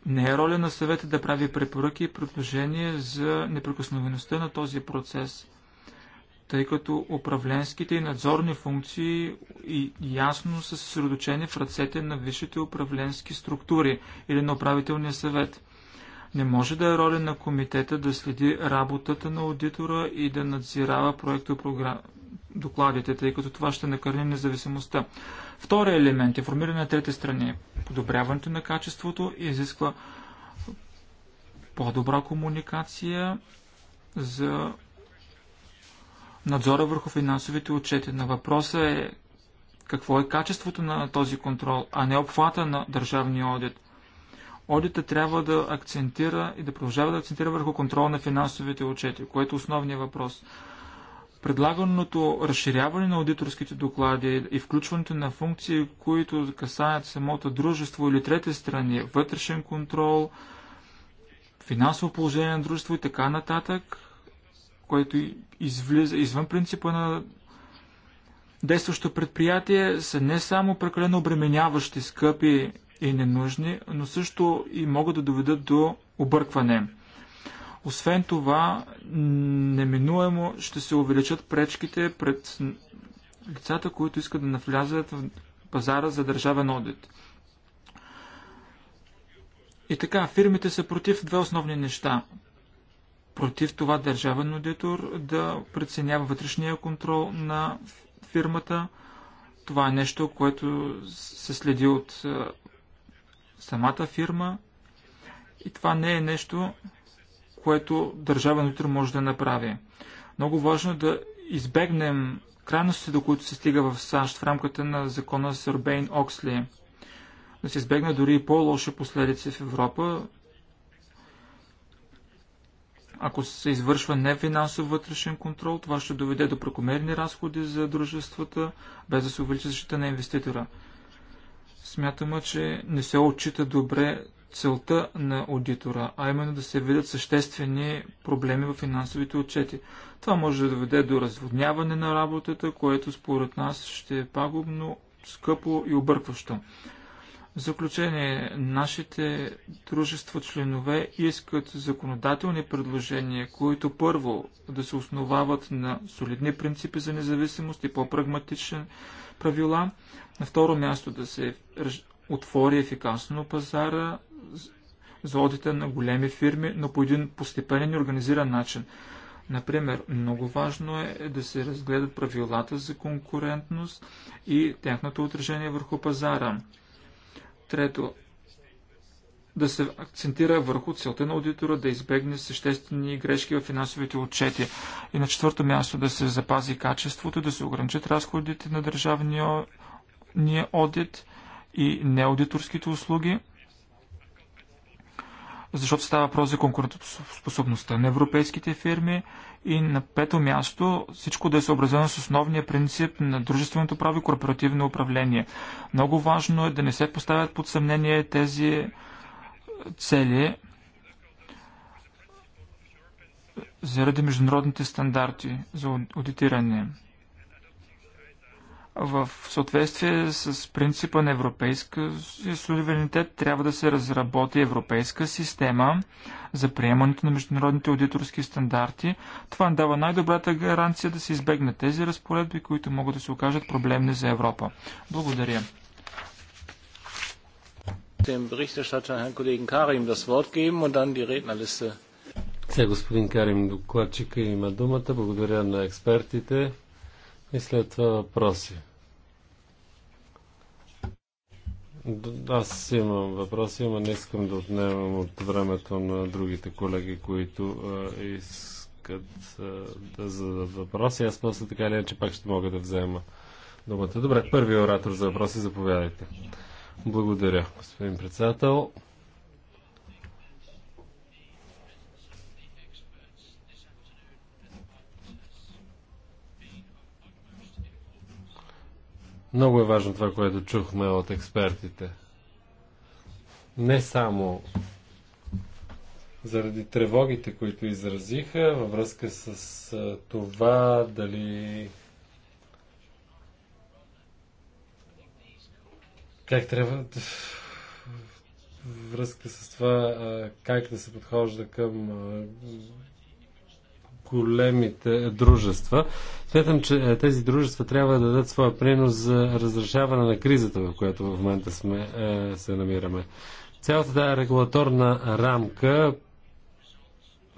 Не е роля на съвета да прави препоръки и предложения за неприкосновеността на този процес, тъй като управленските и надзорни функции и ясно са съсредоточени в ръцете на висшите управленски структури или на управителния съвет – не може да е роля на комитета да следи работата на аудитора и да надзирава проекто докладите, тъй като това ще накърни независимостта. Втория елемент – информиране на трети страни. Подобряването на качеството изисква по-добра комуникация за надзора върху финансовите отчети. На въпроса е какво е качеството на този контрол, а не обхвата на държавния одит – Одита трябва да акцентира и да продължава да акцентира върху контрол на финансовите отчети, което е основният въпрос. Предлаганото разширяване на аудиторските доклади и включването на функции, които касаят самото дружество или трети страни, вътрешен контрол, финансово положение на дружество и така нататък, което извлиза извън принципа на действащо предприятие, са не само прекалено обременяващи, скъпи и ненужни, но също и могат да доведат до объркване. Освен това, неминуемо ще се увеличат пречките пред лицата, които искат да навлязат в пазара за държавен одит. И така, фирмите са против две основни неща. Против това държавен аудитор да преценява вътрешния контрол на фирмата. Това е нещо, което се следи от е, самата фирма и това не е нещо, което държава утре може да направи. Много важно е да избегнем крайностите, до които се стига в САЩ в рамката на закона Сърбейн Оксли. Да се избегне дори и по-лоши последици в Европа, ако се извършва нефинансов вътрешен контрол, това ще доведе до прекомерни разходи за дружествата, без да се увеличи защита на инвеститора. Смятаме, че не се отчита добре целта на аудитора, а именно да се видят съществени проблеми в финансовите отчети. Това може да доведе до разводняване на работата, което според нас ще е пагубно, скъпо и объркващо. В заключение, нашите дружества членове искат законодателни предложения, които първо да се основават на солидни принципи за независимост и по-прагматичен правила. На второ място да се отвори ефикасно пазара за одите на големи фирми, но по един постепенен и организиран начин. Например, много важно е, е да се разгледат правилата за конкурентност и тяхното отражение върху пазара. Трето, да се акцентира върху целта на аудитора да избегне съществени грешки в финансовите отчети. И на четвърто място да се запази качеството, да се ограничат разходите на държавния аудит одит и неаудиторските услуги, защото става въпрос за конкурентоспособността на европейските фирми и на пето място всичко да е съобразено с основния принцип на дружественото право и корпоративно управление. Много важно е да не се поставят под съмнение тези цели заради международните стандарти за аудитиране. В съответствие с принципа на европейска суверенитет трябва да се разработи европейска система за приемането на международните аудиторски стандарти. Това дава най-добрата гаранция да се избегнат тези разпоредби, които могат да се окажат проблемни за Европа. Благодаря. Dem Berichterstatter, Herrn Kollegen Karim, das Wort geben und dann die Rednerliste. Сега господин Карим докладчика има думата. Благодаря на експертите. И след това въпроси. Аз имам въпроси, но не искам да отнемам от времето на другите колеги, които а, искат а, да зададат въпроси. Аз после така или иначе пак ще мога да взема думата. Добре, първи оратор за въпроси, заповядайте. Благодаря, господин председател. Много е важно това, което чухме от експертите. Не само заради тревогите, които изразиха във връзка с това дали как трябва връзка с това как да се подхожда към големите дружества. Смятам, че тези дружества трябва да дадат своя принос за разрешаване на кризата, в която в момента сме, се намираме. Цялата тази регулаторна рамка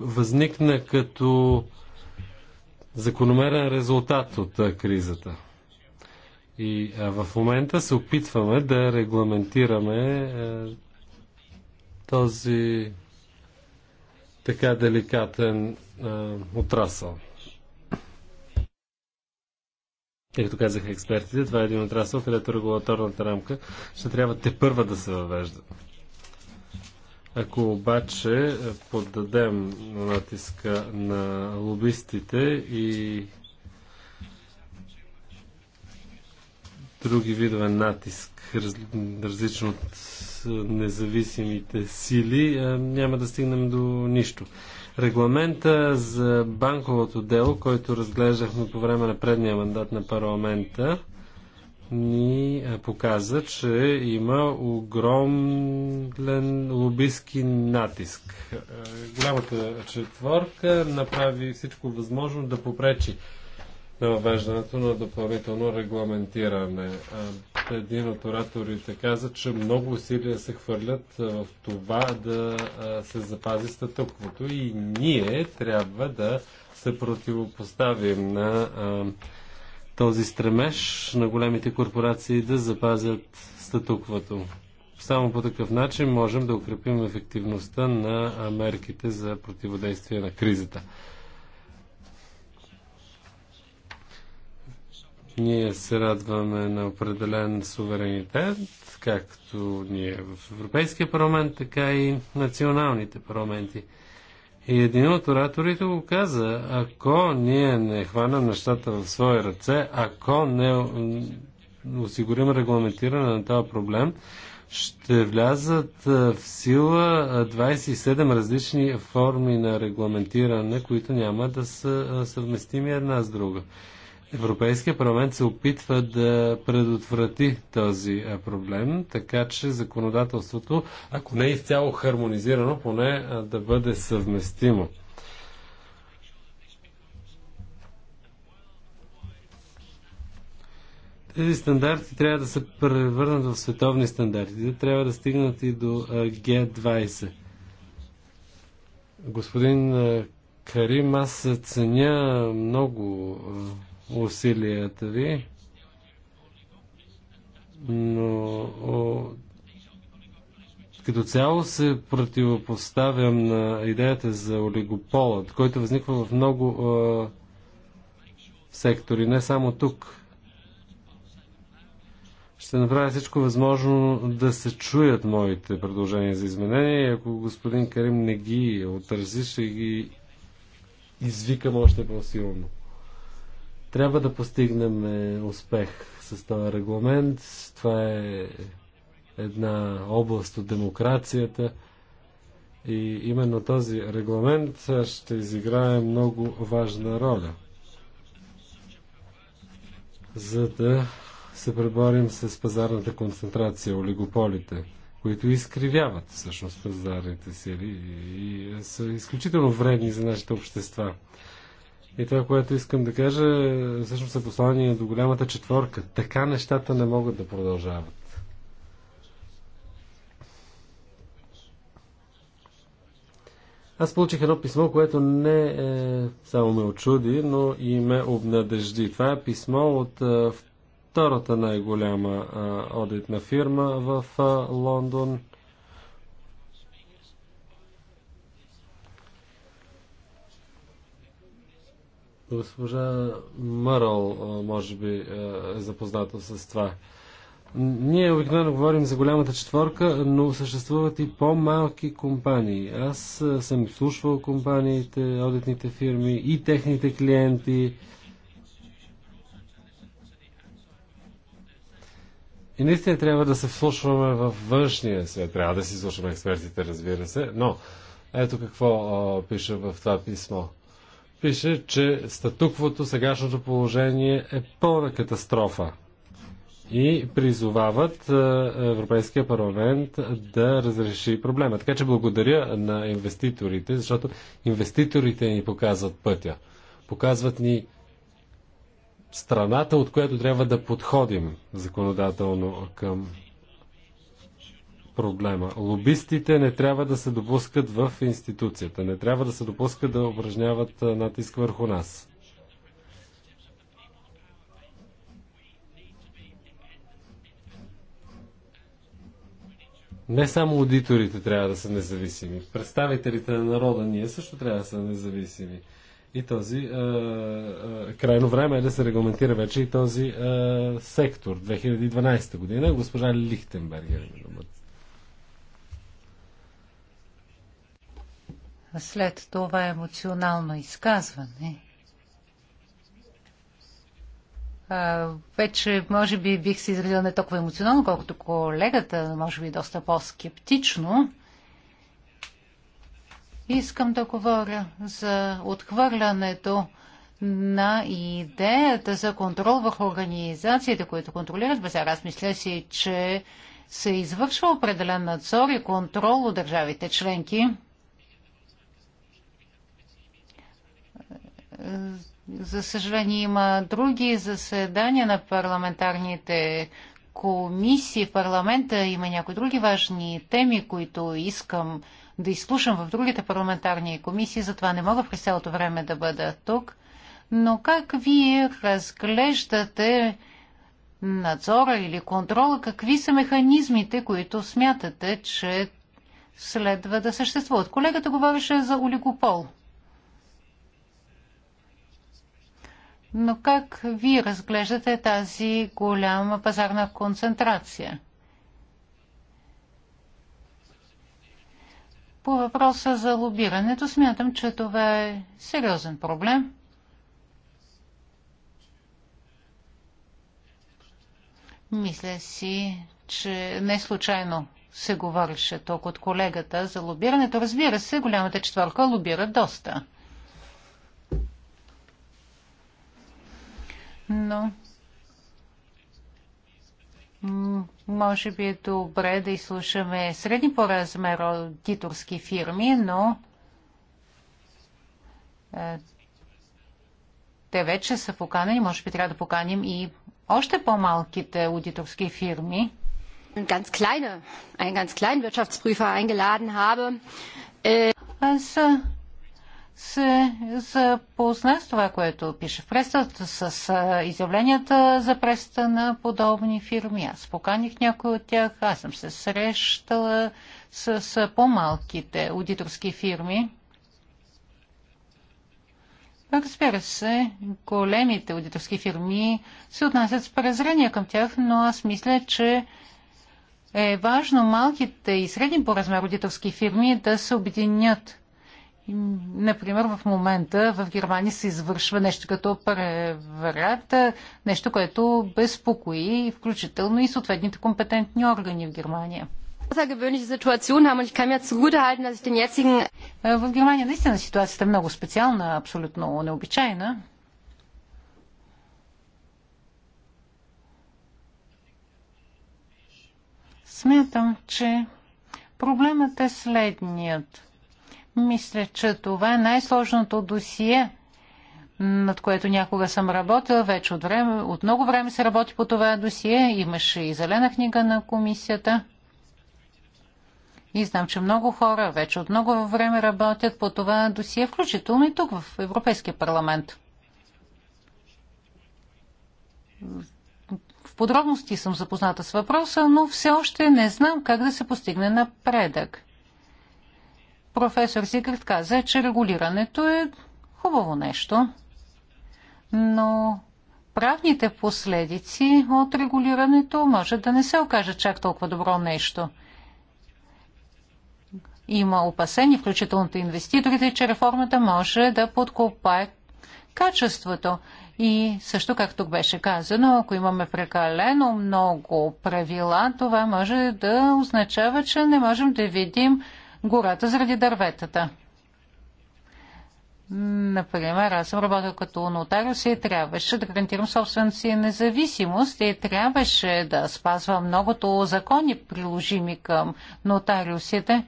възникна като закономерен резултат от кризата. И а, в момента се опитваме да регламентираме този така деликатен отрасъл. Както казаха експертите, това е един отрасъл, където регулаторната рамка ще трябва те първа да се въвежда. Ако обаче поддадем натиска на лобистите и други видове натиск, различно от независимите сили, няма да стигнем до нищо. Регламента за банковото дело, който разглеждахме по време на предния мандат на парламента, ни показа, че има огромен лобистки натиск. Е, голямата четворка направи всичко възможно да попречи на въвеждането на допълнително регламентиране. Един от ораторите каза, че много усилия се хвърлят в това да се запази статуквото и ние трябва да се противопоставим на този стремеж на големите корпорации да запазят статуквото. Само по такъв начин можем да укрепим ефективността на мерките за противодействие на кризата. Ние се радваме на определен суверенитет, както ние в Европейския парламент, така и националните парламенти. И един от ораторите го каза, ако ние не хванем нещата в свои ръце, ако не осигурим регламентиране на този проблем, ще влязат в сила 27 различни форми на регламентиране, които няма да са съвместими една с друга. Европейския парламент се опитва да предотврати този проблем, така че законодателството, ако не е изцяло хармонизирано, поне да бъде съвместимо. Тези стандарти трябва да се превърнат в световни стандарти. Те трябва да стигнат и до Г20. Господин Карим, аз ценя много усилията ви. Но о, като цяло се противопоставям на идеята за олигополът, който възниква в много о, сектори, не само тук. Ще направя всичко възможно да се чуят моите предложения за изменения и ако господин Карим не ги отрази, ще ги извикам още по-силно. Трябва да постигнем е, успех с този регламент. Това е една област от демокрацията. И именно този регламент е, ще изиграе много важна роля, за да се преборим с пазарната концентрация, олигополите, които изкривяват всъщност пазарните сили и е, са изключително вредни за нашите общества. И това, което искам да кажа, всъщност е послание до голямата четворка. Така нещата не могат да продължават. Аз получих едно писмо, което не е, само ме очуди, но и ме обнадежди. Това е писмо от е, втората най-голяма е, одитна фирма в е, Лондон – Госпожа Мърл, може би, е запозната с това. Ние обикновено говорим за голямата четворка, но съществуват и по-малки компании. Аз съм слушвал компаниите, одитните фирми и техните клиенти. И наистина трябва да се вслушваме във външния свят. Трябва да си слушаме експертите, разбира се. Но ето какво о, пише в това писмо – пише, че статуквото, сегашното положение е пълна катастрофа и призовават е, Европейския парламент да разреши проблема. Така че благодаря на инвеститорите, защото инвеститорите ни показват пътя. Показват ни страната, от която трябва да подходим законодателно към проблема. Лобистите не трябва да се допускат в институцията, не трябва да се допускат да упражняват натиск върху нас. Не само аудиторите трябва да са независими. Представителите на народа ние също трябва да са независими. И този е, е, крайно време е да се регламентира вече и този е, сектор. 2012 година госпожа Лихтенбергер е думата. след това емоционално изказване, вече може би бих се изразил не толкова емоционално, колкото колегата, може би доста по-скептично. Искам да говоря за отхвърлянето на идеята за контрол върху организациите, които контролират пазара. Аз мисля си, че се извършва определен надзор и контрол от държавите членки За съжаление има други заседания на парламентарните комисии в парламента. Има някои други важни теми, които искам да изслушам в другите парламентарни комисии, затова не мога през цялото време да бъда тук. Но как вие разглеждате надзора или контрола, какви са механизмите, които смятате, че следва да съществуват? Колегата говореше за олигопол. Но как вие разглеждате тази голяма пазарна концентрация? По въпроса за лобирането смятам, че това е сериозен проблем. Мисля си, че не случайно се говореше тук от колегата за лобирането. Разбира се, голямата четвърка лобира доста – но може би е добре да изслушаме средни по размер аудиторски фирми, но е, те вече са поканени. Може би трябва да поканим и още по-малките аудиторски фирми. Ganz kleine, einen ganz kleinen Wirtschaftsprüfer eingeladen habe. Äh, Аз се запозна с това, което пише в пресата, с изявленията за пресата на подобни фирми. Аз поканих някои от тях, аз съм се срещала с по-малките аудиторски фирми. Разбира се, големите аудиторски фирми се отнасят с презрение към тях, но аз мисля, че е важно малките и средни по размер аудиторски фирми да се объединят Например, в момента в Германия се извършва нещо като преврат, нещо, което безпокои, включително и съответните компетентни органи в Германия. Е, в Германия наистина ситуацията е много специална, абсолютно необичайна. Смятам, че проблемът е следният – мисля, че това е най-сложното досие, над което някога съм работила. Вече от, време, от много време се работи по това досие. Имаше и зелена книга на комисията. И знам, че много хора вече от много време работят по това досие, включително и тук в Европейския парламент. В подробности съм запозната с въпроса, но все още не знам как да се постигне напредък професор Зигард каза, че регулирането е хубаво нещо, но правните последици от регулирането може да не се окаже чак толкова добро нещо. Има опасения, включително инвеститорите, че реформата може да подкопае качеството. И също, както беше казано, ако имаме прекалено много правила, това може да означава, че не можем да видим гората заради дърветата. Например, аз съм работил като нотариус и трябваше да гарантирам собствената си независимост и трябваше да спазвам многото закони, приложими към нотариусите.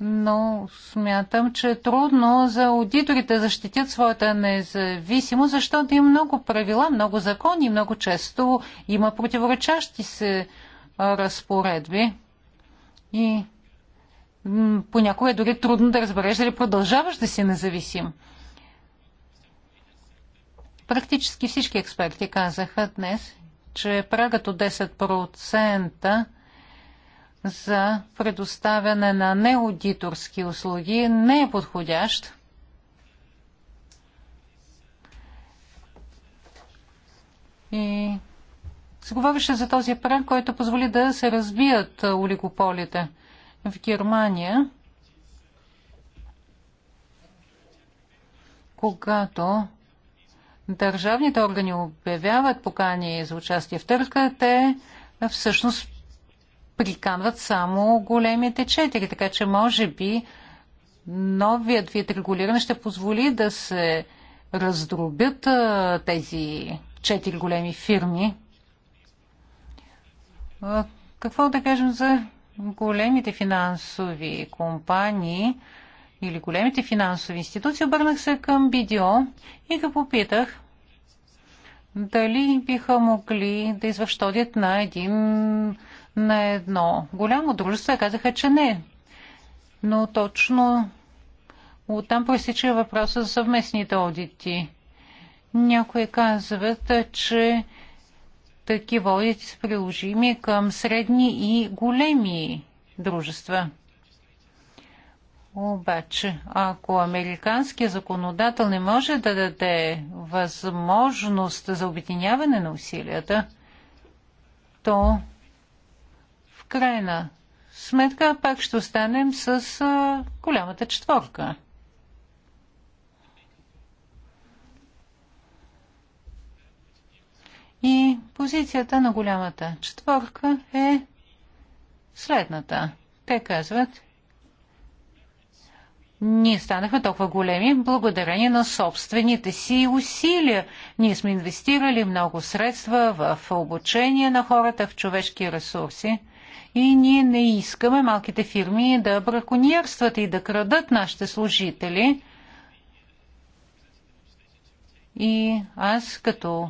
Но смятам, че е трудно за аудиторите да защитят своята независимост, защото има много правила, много закони и много често има противоречащи се разпоредби. И понякога е дори трудно да разбереш дали продължаваш да си независим. Практически всички експерти казаха днес, че прагът от 10% за предоставяне на неаудиторски услуги не е подходящ. И се говореше за този прак, който позволи да се разбият олигополите – в Германия, когато държавните органи обявяват покани за участие в търка, те всъщност приканват само големите четири, така че може би новият вид регулиране ще позволи да се раздробят тези четири големи фирми. Какво да кажем за големите финансови компании или големите финансови институции, обърнах се към БДО и го попитах дали биха могли да извършат одит на един на едно голямо дружество. Казаха, че не. Но точно оттам проистича въпроса за съвместните одити. Някои казват, че такива одити приложими към средни и големи дружества. Обаче, ако американският законодател не може да даде възможност за обединяване на усилията, то в крайна сметка пак ще останем с голямата четворка – И позицията на голямата четворка е следната. Те казват, ние станахме толкова големи благодарение на собствените си усилия. Ние сме инвестирали много средства в обучение на хората, в човешки ресурси. И ние не искаме малките фирми да браконьерстват и да крадат нашите служители. И аз като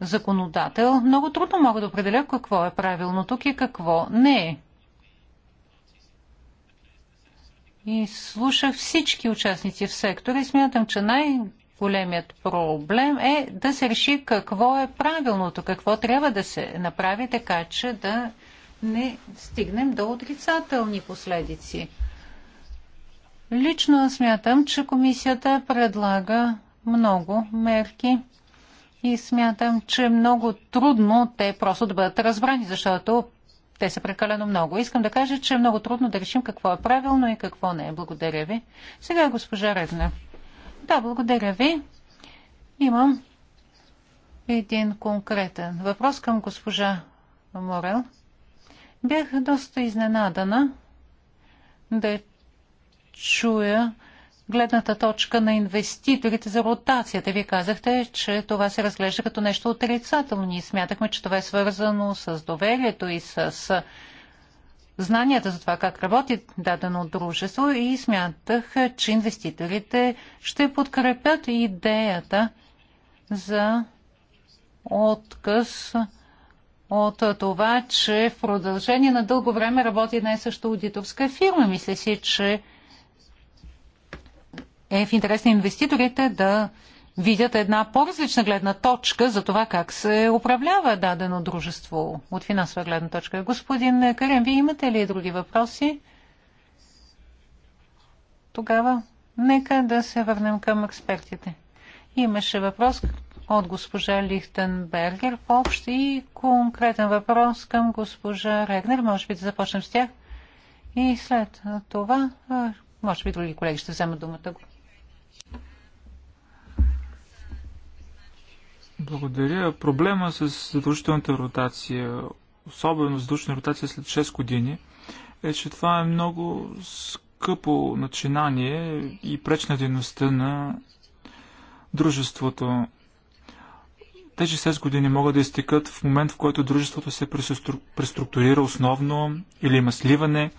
законодател, много трудно мога да определя какво е правилно тук и какво не е. И слушах всички участници в сектора и смятам, че най-големият проблем е да се реши какво е правилното, какво трябва да се направи, така че да не стигнем до отрицателни последици. Лично смятам, че комисията предлага много мерки, и смятам, че е много трудно те просто да бъдат разбрани, защото те са прекалено много. Искам да кажа, че е много трудно да решим какво е правилно и какво не е. Благодаря ви. Сега госпожа Редна. Да, благодаря ви. Имам един конкретен въпрос към госпожа Морел. Бях доста изненадана да чуя гледната точка на инвеститорите за ротацията. Вие казахте, че това се разглежда като нещо отрицателно. Ние смятахме, че това е свързано с доверието и с знанията за това как работи дадено дружество и смятах, че инвеститорите ще подкрепят идеята за отказ от това, че в продължение на дълго време работи една и съща аудиторска фирма. Мисля си, че е в интерес на инвеститорите да видят една по-различна гледна точка за това как се управлява дадено дружество от финансова гледна точка. Господин Карен, вие имате ли други въпроси? Тогава нека да се върнем към експертите. Имаше въпрос от госпожа Лихтенбергер по общ и конкретен въпрос към госпожа Регнер. Може би да започнем с тях. И след това, може би други колеги ще вземат думата. Благодаря. Проблема с задължителната ротация, особено задължителна ротация след 6 години, е, че това е много скъпо начинание и пречна дейността на дружеството. Тези 6 години могат да изтекат в момент, в който дружеството се преструктурира основно или има сливане.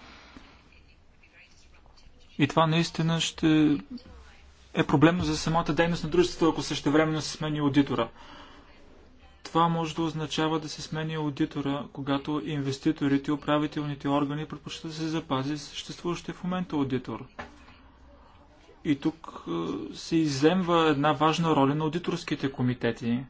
И това наистина ще е проблемно за самата дейност на дружеството, ако същевременно се смени аудитора. Това може да означава да се смени аудитора, когато инвеститорите и управителните органи предпочитат да се запази съществуващия в момента аудитор. И тук е, се иземва една важна роля на аудиторските комитети.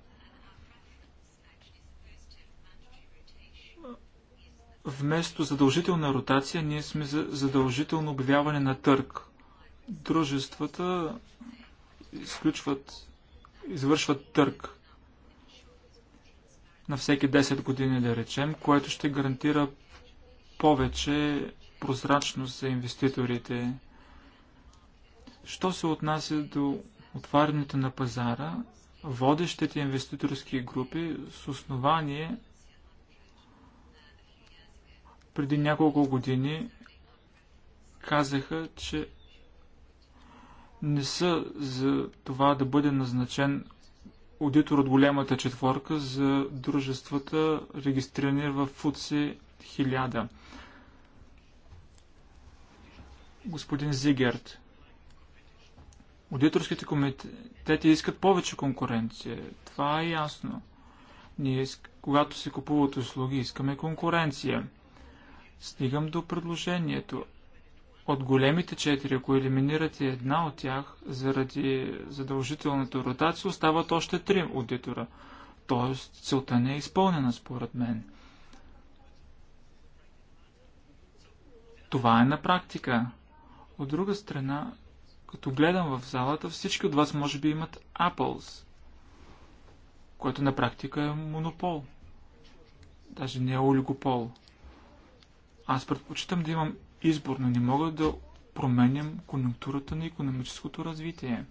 Вместо задължителна ротация, ние сме за задължително обявяване на търг – дружествата изключват, извършват търг на всеки 10 години, да речем, което ще гарантира повече прозрачност за инвеститорите. Що се отнася до отварянето на пазара, водещите инвеститорски групи с основание преди няколко години казаха, че не са за това да бъде назначен аудитор от голямата четворка за дружествата, регистрирани в ФУЦИ 1000. Господин Зигерт, аудиторските комитети искат повече конкуренция. Това е ясно. Ние, когато се купуват услуги, искаме конкуренция. Стигам до предложението от големите четири, ако елиминирате една от тях заради задължителната ротация, остават още три аудитора. Тоест, целта не е изпълнена, според мен. Това е на практика. От друга страна, като гледам в залата, всички от вас може би имат Apples, което на практика е монопол. Даже не е олигопол. Аз предпочитам да имам избор, но нали не мога да променям конъюнктурата на економическото развитие.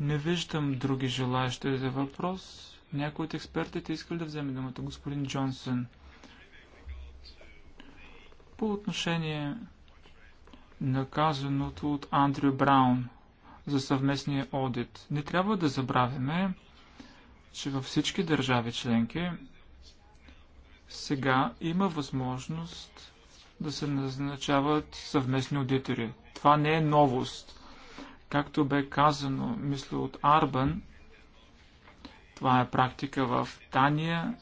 Не виждам други желаящи за въпрос. Някои от експертите искали да вземе думата, господин Джонсън. По отношение на казаното от Андрю Браун за съвместния одит, не трябва да забравяме, че във всички държави членки сега има възможност да се назначават съвместни аудитори. Това не е новост. Както бе казано, мисля от Арбан, това е практика в Дания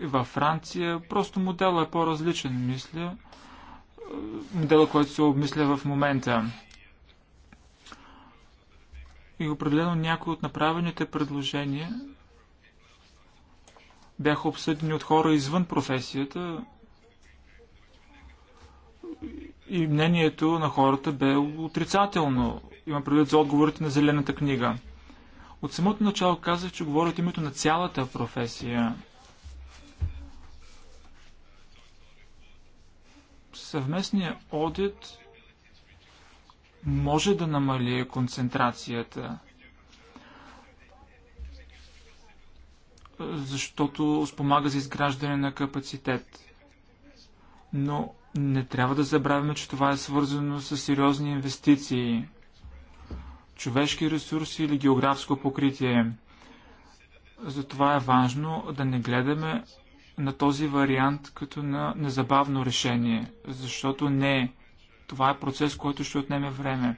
и във Франция. Просто моделът е по-различен, мисля. Моделът, който се обмисля в момента. И определено някои от направените предложения бяха обсъдени от хора извън професията и мнението на хората бе отрицателно. Има предвид за отговорите на Зелената книга. От самото начало казах, че говорят името на цялата професия. Съвместният одит може да намали концентрацията. защото спомага за изграждане на капацитет. Но не трябва да забравяме, че това е свързано с сериозни инвестиции, човешки ресурси или географско покритие. Затова е важно да не гледаме на този вариант като на незабавно решение, защото не. Това е процес, който ще отнеме време.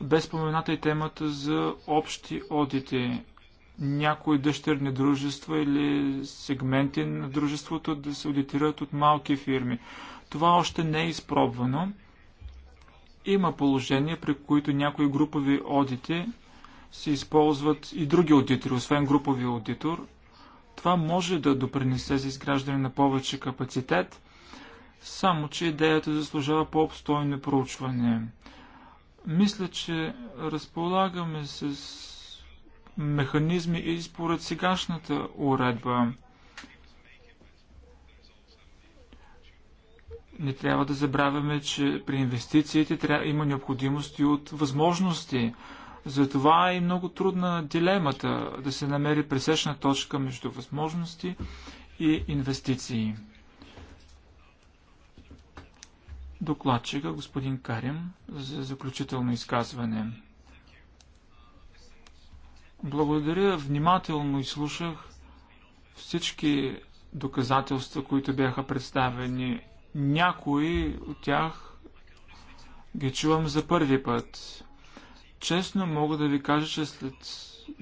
Без спомената и темата за общи одити някои дъщерни дружества или сегменти на дружеството да се аудитират от малки фирми. Това още не е изпробвано. Има положения, при които някои групови одити се използват и други аудитори, освен групови аудитор. Това може да допринесе за изграждане на повече капацитет, само че идеята заслужава по-обстойно проучване. Мисля, че разполагаме с механизми и според сегашната уредба. Не трябва да забравяме, че при инвестициите трябва, има необходимост от възможности. Затова е много трудна дилемата да се намери пресечна точка между възможности и инвестиции. Докладчика господин Карим за заключително изказване. Благодаря, внимателно изслушах всички доказателства, които бяха представени. Някои от тях ги чувам за първи път. Честно мога да ви кажа, че след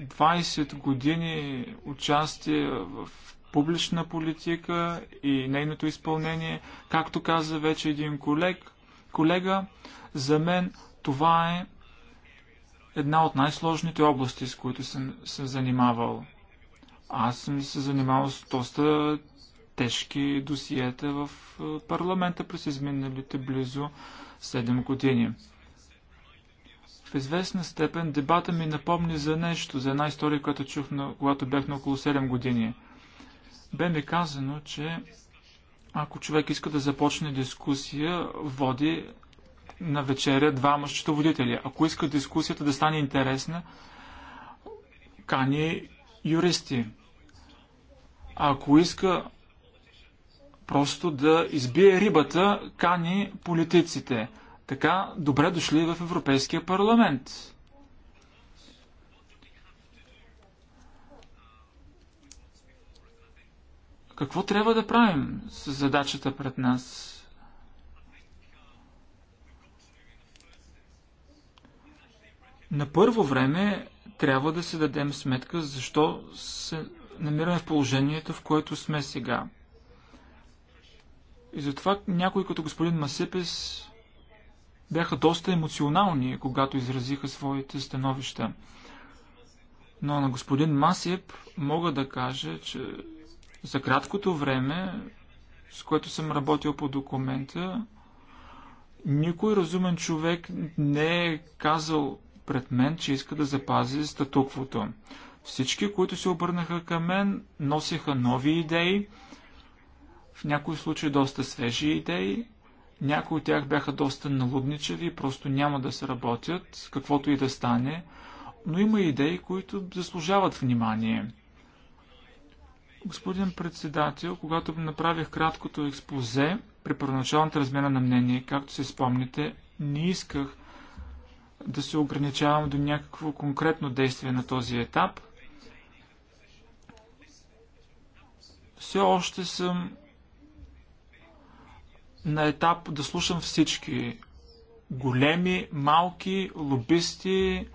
20 години участие в публична политика и нейното изпълнение, както каза вече един колег, колега, за мен това е една от най-сложните области, с които съм се занимавал. Аз съм се занимавал с доста тежки досиета в парламента през изминалите близо 7 години. В известна степен дебата ми напомни за нещо, за една история, която чух, на, когато бях на около 7 години. Бе ми казано, че ако човек иска да започне дискусия, води на вечеря двама счетоводители. Ако иска дискусията да стане интересна, кани юристи. А ако иска просто да избие рибата, кани политиците. Така, добре дошли в Европейския парламент. Какво трябва да правим с задачата пред нас? На първо време трябва да се дадем сметка защо се намираме в положението, в което сме сега. И затова някои като господин Масепес бяха доста емоционални, когато изразиха своите становища. Но на господин Масип мога да кажа, че за краткото време, с което съм работил по документа, никой разумен човек не е казал пред мен, че иска да запази статуквото. Всички, които се обърнаха към мен, носиха нови идеи, в някои случаи доста свежи идеи, някои от тях бяха доста налудничави, и просто няма да се работят, каквото и да стане, но има идеи, които заслужават внимание. Господин председател, когато направих краткото експозе при първоначалната размена на мнение, както се спомните, не исках да се ограничавам до някакво конкретно действие на този етап. Все още съм на етап да слушам всички големи, малки, лобисти,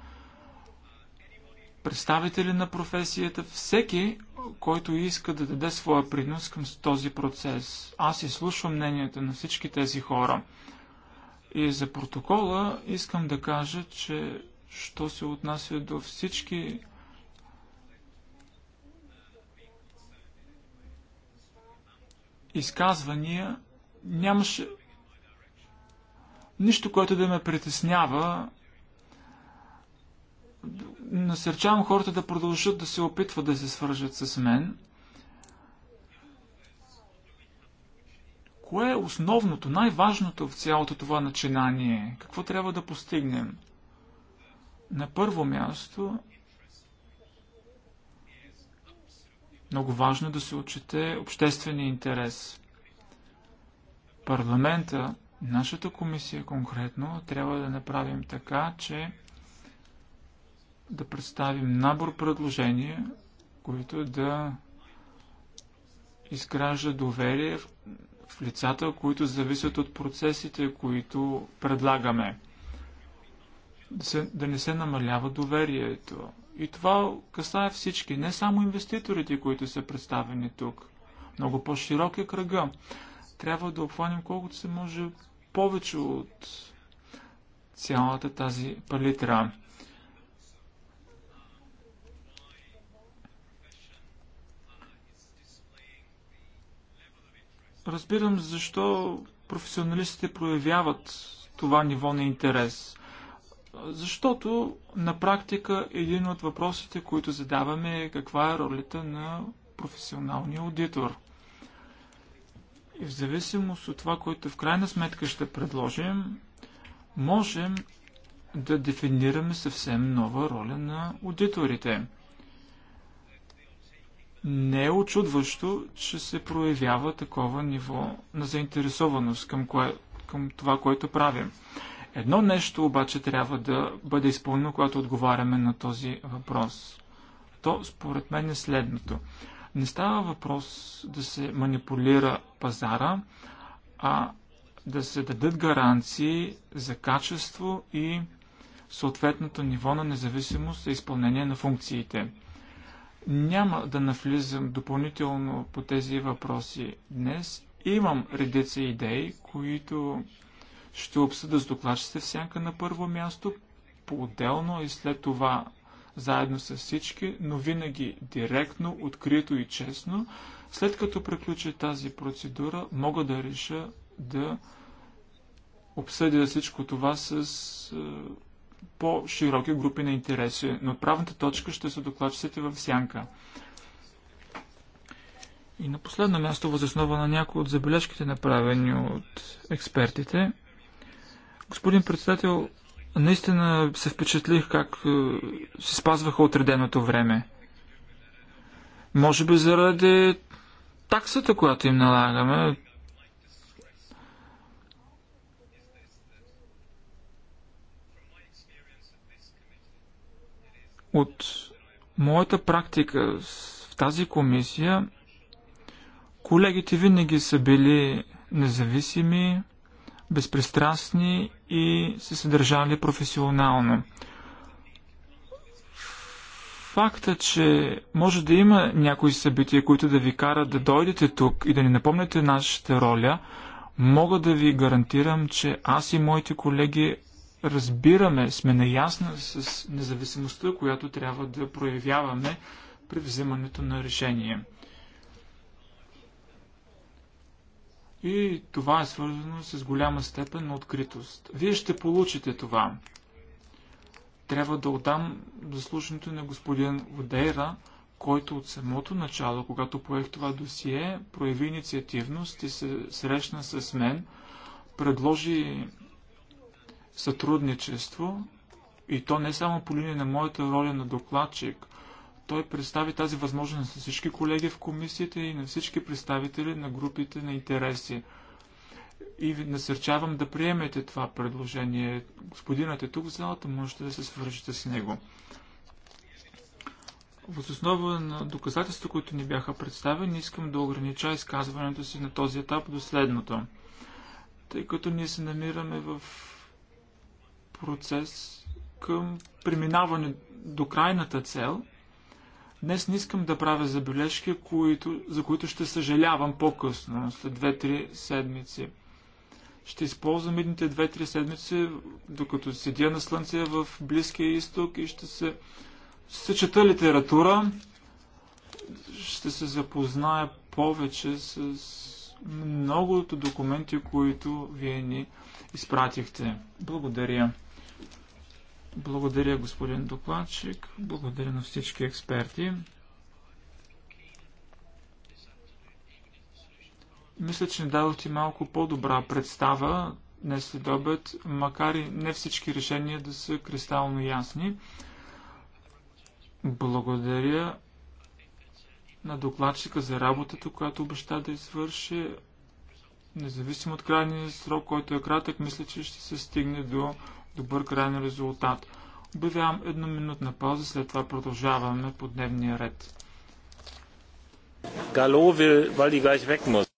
представители на професията, всеки, който иска да даде своя принос към този процес. Аз изслушвам мненията на всички тези хора. И за протокола искам да кажа, че що се отнася до всички изказвания, нямаше нищо, което да ме притеснява. Насърчавам хората да продължат да се опитват да се свържат с мен. Кое е основното, най-важното в цялото това начинание? Какво трябва да постигнем? На първо място, много важно е да се отчете обществения интерес. Парламента, нашата комисия конкретно, трябва да направим така, че да представим набор предложения, които да изгражда доверие лицата, които зависят от процесите, които предлагаме. Да, се, да не се намалява доверието. И това касае всички, не само инвеститорите, които са представени тук. Много по-широк е кръга. Трябва да обхванем колкото се може повече от цялата тази палитра. Разбирам защо професионалистите проявяват това ниво на интерес. Защото на практика един от въпросите, които задаваме е каква е ролята на професионалния аудитор. И в зависимост от това, което в крайна сметка ще предложим, можем да дефинираме съвсем нова роля на аудиторите – не е очудващо, че се проявява такова ниво на заинтересованост към, кое, към това, което правим. Едно нещо обаче трябва да бъде изпълнено, когато отговаряме на този въпрос. То според мен е следното. Не става въпрос да се манипулира пазара, а да се дадат гаранции за качество и съответното ниво на независимост за изпълнение на функциите. Няма да навлизам допълнително по тези въпроси днес. Имам редица идеи, които ще обсъда с докладчите в сянка на първо място, по-отделно и след това заедно с всички, но винаги директно, открито и честно. След като приключи тази процедура, мога да реша да обсъдя всичко това с е, по-широки групи на интереси, но правната точка ще са докладчиците в сянка. И на последно място, възоснова на някои от забележките, направени от експертите, господин председател, наистина се впечатлих как е, се спазваха отреденото време. Може би заради таксата, която им налагаме, От моята практика в тази комисия, колегите винаги са били независими, безпристрастни и се съдържали професионално. Факта, че може да има някои събития, които да ви карат да дойдете тук и да ни напомняте нашата роля, мога да ви гарантирам, че аз и моите колеги разбираме, сме наясна с независимостта, която трябва да проявяваме при вземането на решение. И това е свързано с голяма степен на откритост. Вие ще получите това. Трябва да отдам заслуженото на господин Водейра, който от самото начало, когато поех това досие, прояви инициативност и се срещна с мен, предложи сътрудничество и то не само по линия на моята роля на докладчик. Той представи тази възможност на всички колеги в комисията и на всички представители на групите на интереси. И ви насърчавам да приемете това предложение. Господинът е тук в залата, можете да се свържете с него. В основа на доказателства, които ни бяха представени, искам да огранича изказването си на този етап до следното. Тъй като ние се намираме в процес към преминаване до крайната цел. Днес не искам да правя забележки, които, за които ще съжалявам по-късно, след 2-3 седмици. Ще използвам едните 2-3 седмици, докато седя на слънце в Близкия изток и ще се, ще чета литература, ще се запозная повече с многото документи, които вие ни изпратихте. Благодаря. Благодаря, господин докладчик. Благодаря на всички експерти. Мисля, че ни дадохте малко по-добра представа днес след обед, макар и не всички решения да са кристално ясни. Благодаря на докладчика за работата, която обеща да извърши. Независимо от крайния срок, който е кратък, мисля, че ще се стигне до добър крайен резултат. Обявявам едноминутна пауза, след това продължаваме по дневния ред. Galo will, weil die gleich weg muss.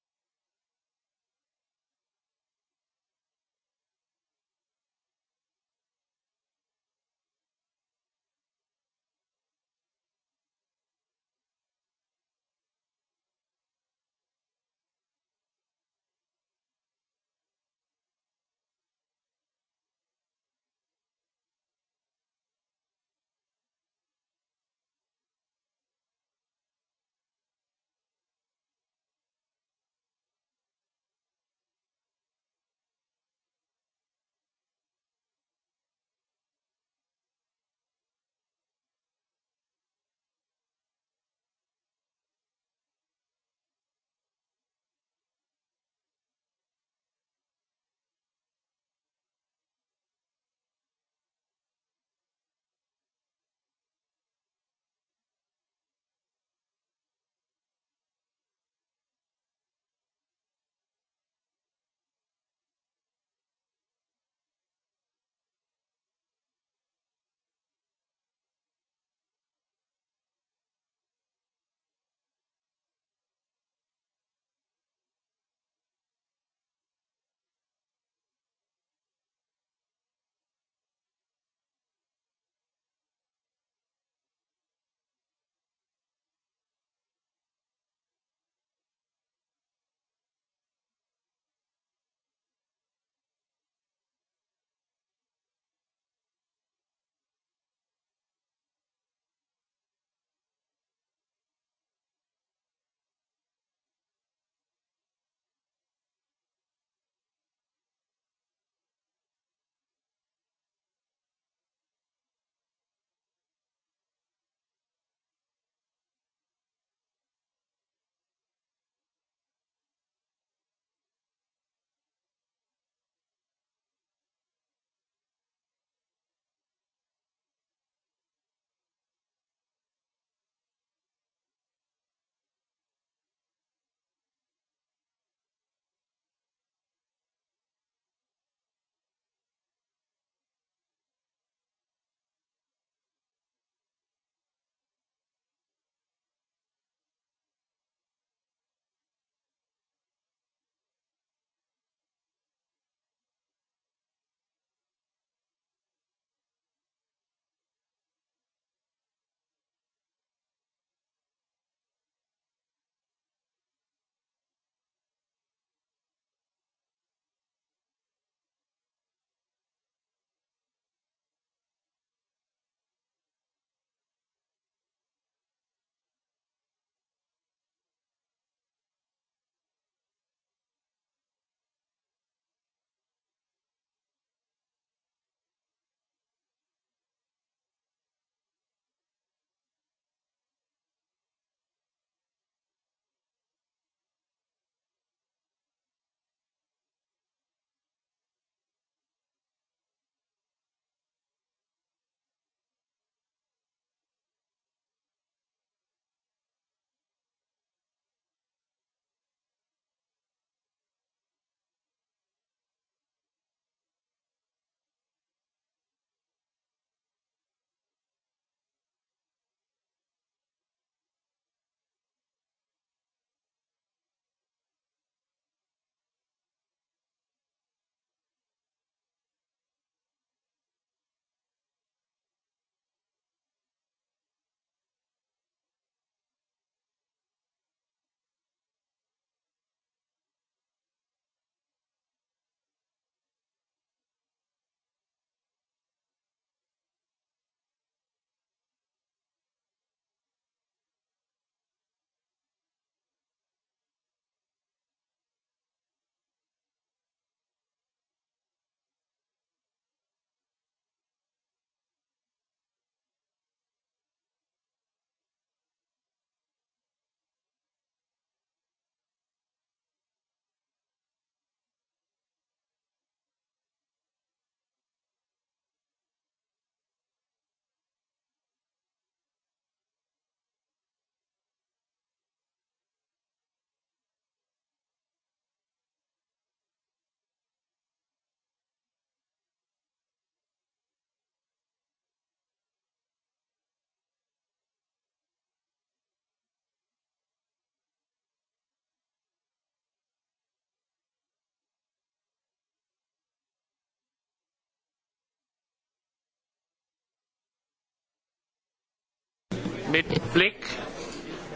Mit Blick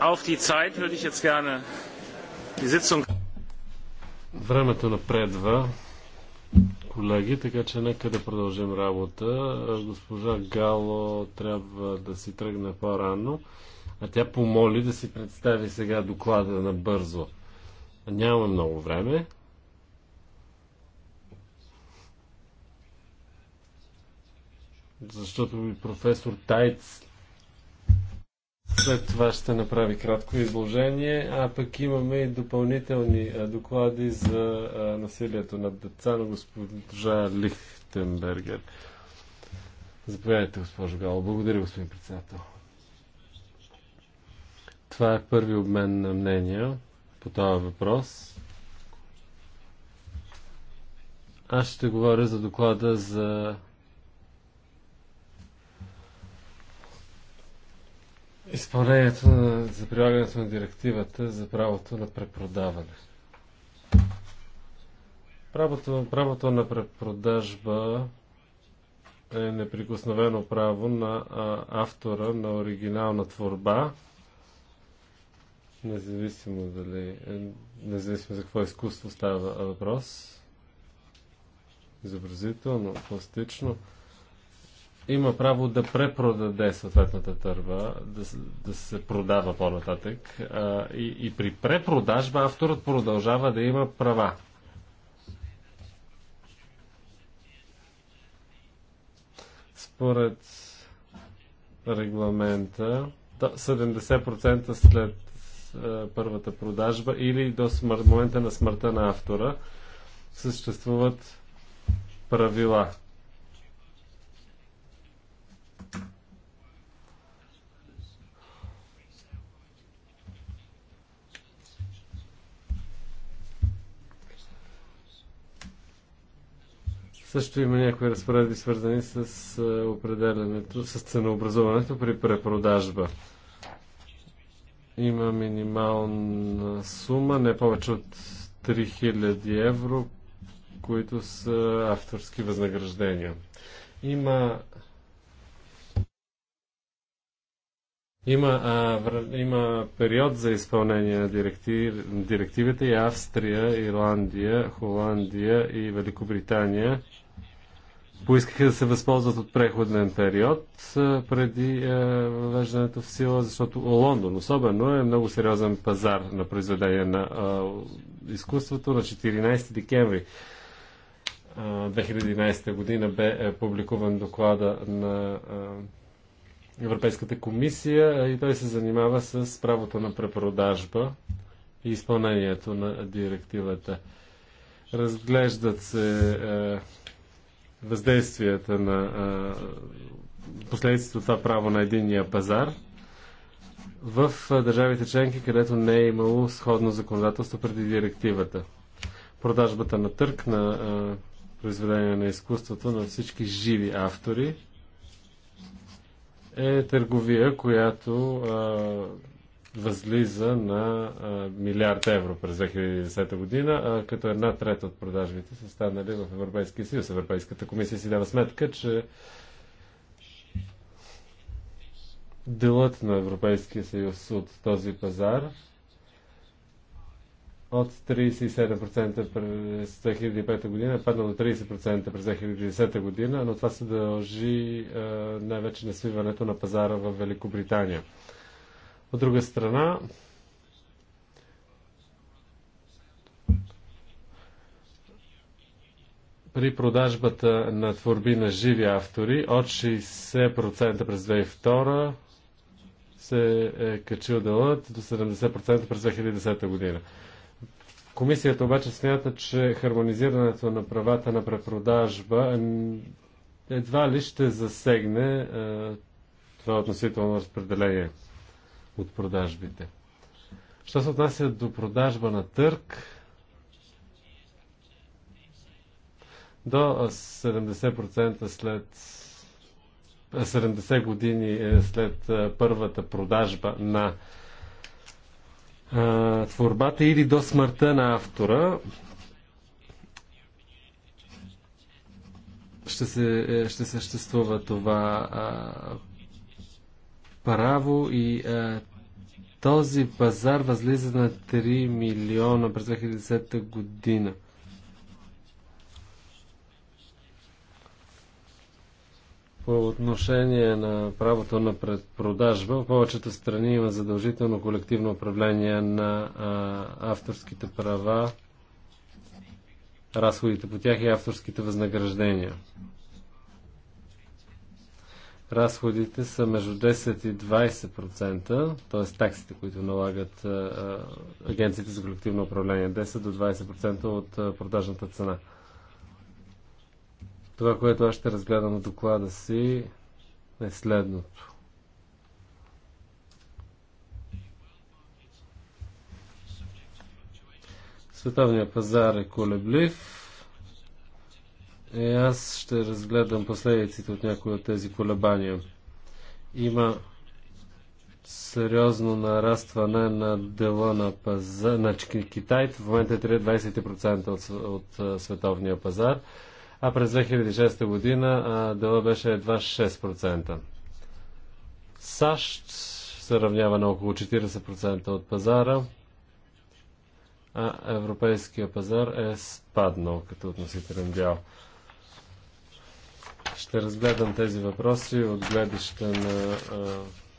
auf die Zeit würde ich jetzt gerne die Sitzung. Времето напредва, колеги, така че нека да продължим работа. Госпожа Гало трябва да си тръгне по-рано, а тя помоли да си представи сега доклада на бързо. Няма много време. Защото и професор Тайц след това ще направи кратко изложение, а пък имаме и допълнителни доклади за насилието над деца на госпожа Лихтенбергер. Заповядайте, госпожо Гало. Благодаря, господин председател. Това е първи обмен на мнения по този въпрос. Аз ще говоря за доклада за изпълнението на, за прилагането на директивата за правото на препродаване. Правото, правото на препродажба е неприкосновено право на а, автора на оригинална творба, независимо дали, независимо за какво изкуство става въпрос, изобразително, пластично има право да препродаде съответната търва, да, да се продава по-нататък. И, и при препродажба авторът продължава да има права. Според регламента, 70% след първата продажба или до момента на смъртта на автора съществуват правила Също има някои разпоредби, свързани с определенето, с ценообразуването при препродажба. Има минимална сума, не повече от 3000 евро, които са авторски възнаграждения. Има Има, а, вър... има период за изпълнение на директив... директивите и Австрия, Ирландия, Холандия и Великобритания поискаха да се възползват от преходен период преди въвеждането в сила, защото Лондон особено е много сериозен пазар на произведение на изкуството на 14 декември. 2011 година бе е, публикуван доклада на Европейската комисия и той се занимава с правото на препродажба и изпълнението на директивата. Разглеждат се е, въздействията на а, последствието това право на единния пазар в държавите членки, където не е имало сходно законодателство преди директивата. Продажбата на търк на а, произведения на изкуството на всички живи автори е търговия, която а, възлиза на милиард евро през 2010 година, като една трета от продажбите са станали в Европейския съюз. Европейската комисия си дава сметка, че делът на Европейския съюз от този пазар от 37% през 2005 година, падна до 30% през 2010 година, но това се дължи най-вече на свиването на пазара в Великобритания. От друга страна, при продажбата на творби на живи автори от 60% през 2002 се е качил делът до 70% през 2010 година. Комисията обаче смята, че хармонизирането на правата на препродажба едва ли ще засегне е, това относително разпределение от продажбите. Що се отнася до продажба на търг, до 70% след 70 години е след първата продажба на а, творбата или до смъртта на автора, ще, се, е, ще съществува това а, право и а, е, този пазар възлиза на 3 милиона през 2010 година. По отношение на правото на предпродажба, в повечето страни има задължително колективно управление на а, авторските права, разходите по тях и авторските възнаграждения разходите са между 10 и 20%, т.е. таксите, които налагат агенциите за колективно управление, 10 до 20% от продажната цена. Това, което аз ще разгледам в доклада си, е следното. Световният пазар е колеблив и е, аз ще разгледам последиците от някои от тези колебания. Има сериозно нарастване на дела на паза... на Китай. В момента е 20% от, от световния пазар, а през 2006 година дела беше едва 6%. САЩ се равнява на около 40% от пазара, а европейския пазар е спаднал като относителен дял. Ще разгледам тези въпроси от гледаща на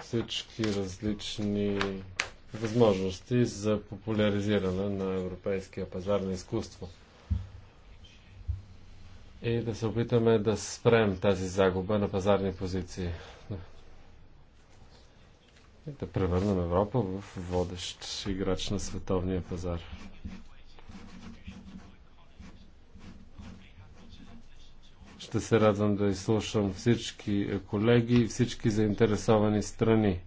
всички различни възможности за популяризиране на европейския пазар на изкуство. И да се опитаме да спрем тази загуба на пазарни позиции. И да превърнем Европа в водещ играч на световния пазар. Ще се радвам да изслушам всички колеги и всички заинтересовани страни.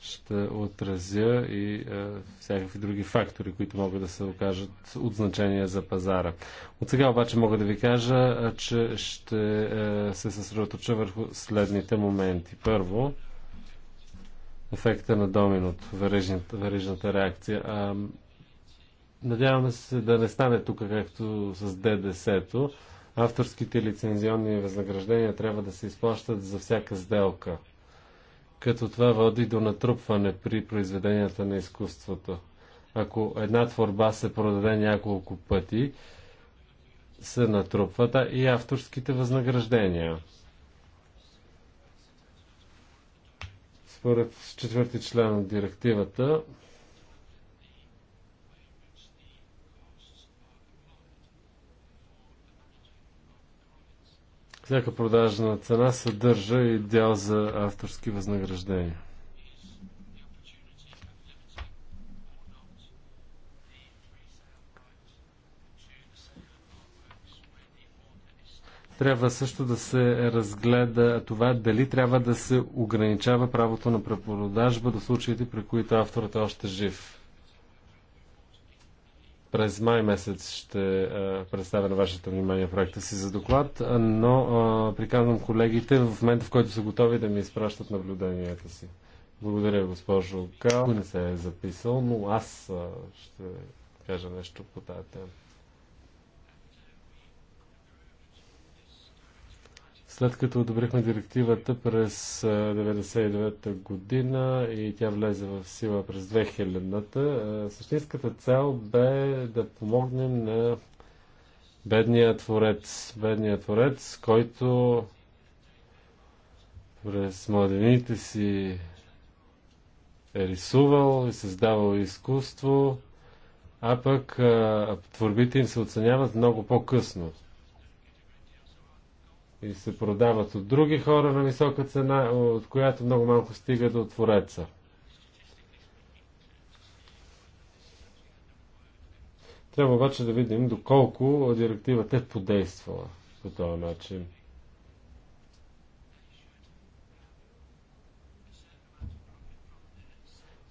Ще отразя и е, всякакви други фактори, които могат да се окажат от значение за пазара. От сега обаче мога да ви кажа, е, че ще е, се съсредоточа върху следните моменти. Първо, ефекта на доминото, верижната, верижната реакция. Надяваме се да не стане тук както с ДДС-то. Авторските лицензионни възнаграждения трябва да се изплащат за всяка сделка, като това води до натрупване при произведенията на изкуството. Ако една творба се продаде няколко пъти, се натрупват и авторските възнаграждения. Според четвърти член от директивата, Всяка продажна цена съдържа и дял за авторски възнаграждения. трябва също да се разгледа това дали трябва да се ограничава правото на препродажба до случаите, при които авторът е още жив. През май месец ще е, представя на вашето внимание проекта си за доклад, е, но е, приказвам колегите в момента, в който са готови да ми изпращат наблюденията си. Благодаря, госпожо Кал. Не се е записал, но аз ще кажа нещо по тази тема. След като одобрихме директивата през 1999 година и тя влезе в сила през 2000-та, същинската цел бе да помогнем на бедния творец. Бедния творец, който през младените си е рисувал и създавал изкуство, а пък а, творбите им се оценяват много по-късно и се продават от други хора на висока цена, от която много малко стига до твореца. Трябва обаче да видим доколко директивата е подействала по този начин.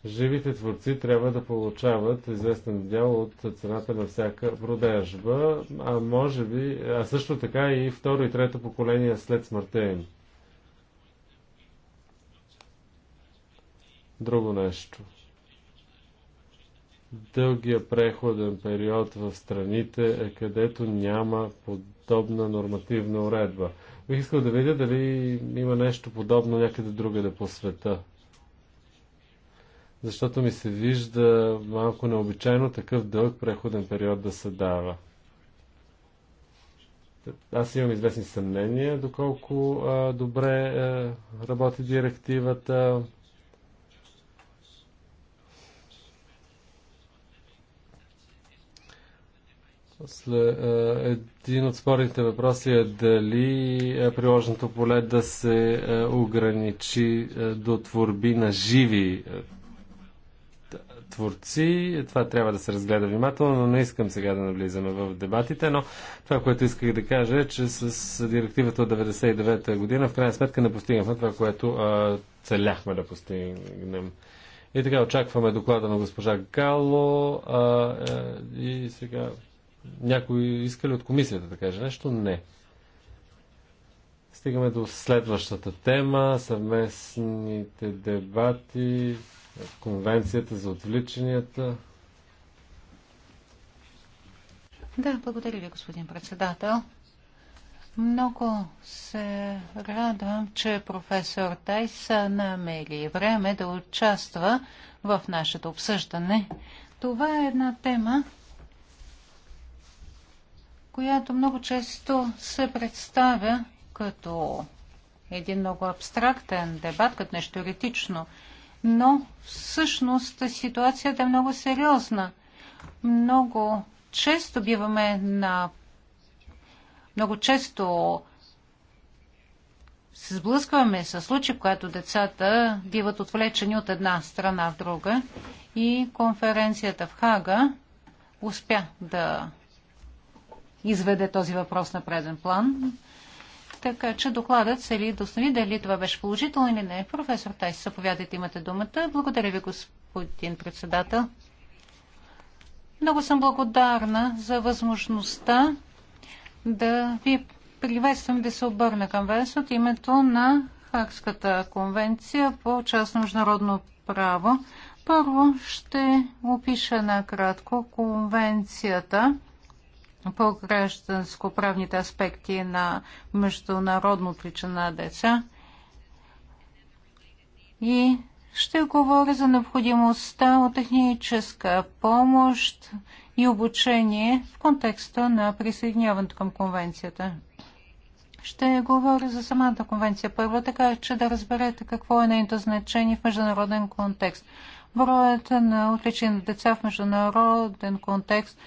живите творци трябва да получават известен дял от цената на всяка продажба, а може би, а също така и второ и трето поколение след смъртта им. Друго нещо. Дългия преходен период в страните е където няма подобна нормативна уредба. Бих искал да видя дали има нещо подобно някъде другаде по света защото ми се вижда малко необичайно такъв дълъг преходен период да се дава. Аз имам известни съмнения доколко а, добре а, работи директивата. После, а, един от спорните въпроси е дали е приложното поле да се а, ограничи а, до творби на живи творци. Това трябва да се разгледа внимателно, но не искам сега да навлизаме в дебатите, но това, което исках да кажа е, че с директивата от 99-та година в крайна сметка не постигнахме това, което а, целяхме да постигнем. И така очакваме доклада на госпожа Гало а, а, е, и сега някой иска ли от комисията да каже нещо? Не. Стигаме до следващата тема съвместните дебати конвенцията за отвличанията. Да, благодаря ви, господин председател. Много се радвам, че професор Тайс намери време да участва в нашето обсъждане. Това е една тема, която много често се представя като един много абстрактен дебат, като нещо теоретично но всъщност ситуацията е много сериозна. Много често биваме на... Много често се сблъскваме с случаи, в когато децата биват отвлечени от една страна в друга и конференцията в Хага успя да изведе този въпрос на преден план така че докладът цели да установи дали това беше положително или не. Професор Тайс, съповядайте, имате думата. Благодаря ви, господин председател. Много съм благодарна за възможността да ви приветствам да се обърна към вас от името на Хакската конвенция по част на международно право. Първо ще опиша накратко конвенцията по гражданско-правните аспекти на международно отличане на деца. И ще говоря за необходимостта от техническа помощ и обучение в контекста на присъединяването към конвенцията. Ще говоря за самата конвенция първо, така че да разберете какво е нейното значение в международен контекст. Броят на отличени деца в международен контекст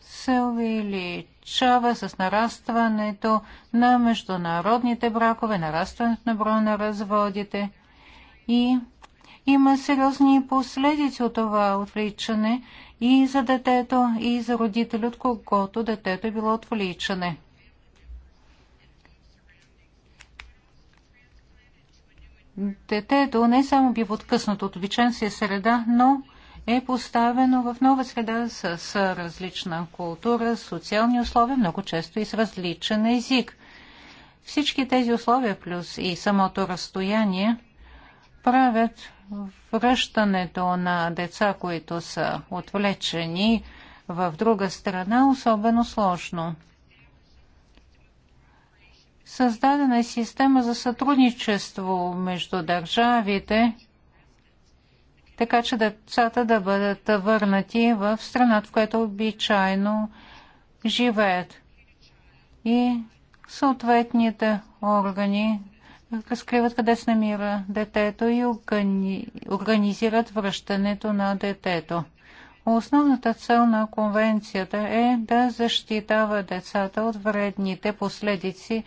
се увеличава с нарастването на международните бракове, нарастването на броя на разводите и има сериозни последици от това отвличане и за детето, и за родителя, от когото детето е било отвличане. Детето не само бива откъснато от обичайната среда, но е поставено в нова среда с, с различна култура, социални условия, много често и с различен език. Всички тези условия плюс и самото разстояние правят връщането на деца, които са отвлечени в друга страна, особено сложно. Създадена е система за сътрудничество между държавите – така че децата да бъдат върнати в страната, в която обичайно живеят. И съответните органи разкриват къде се намира детето и органи... организират връщането на детето. Основната цел на конвенцията е да защитава децата от вредните последици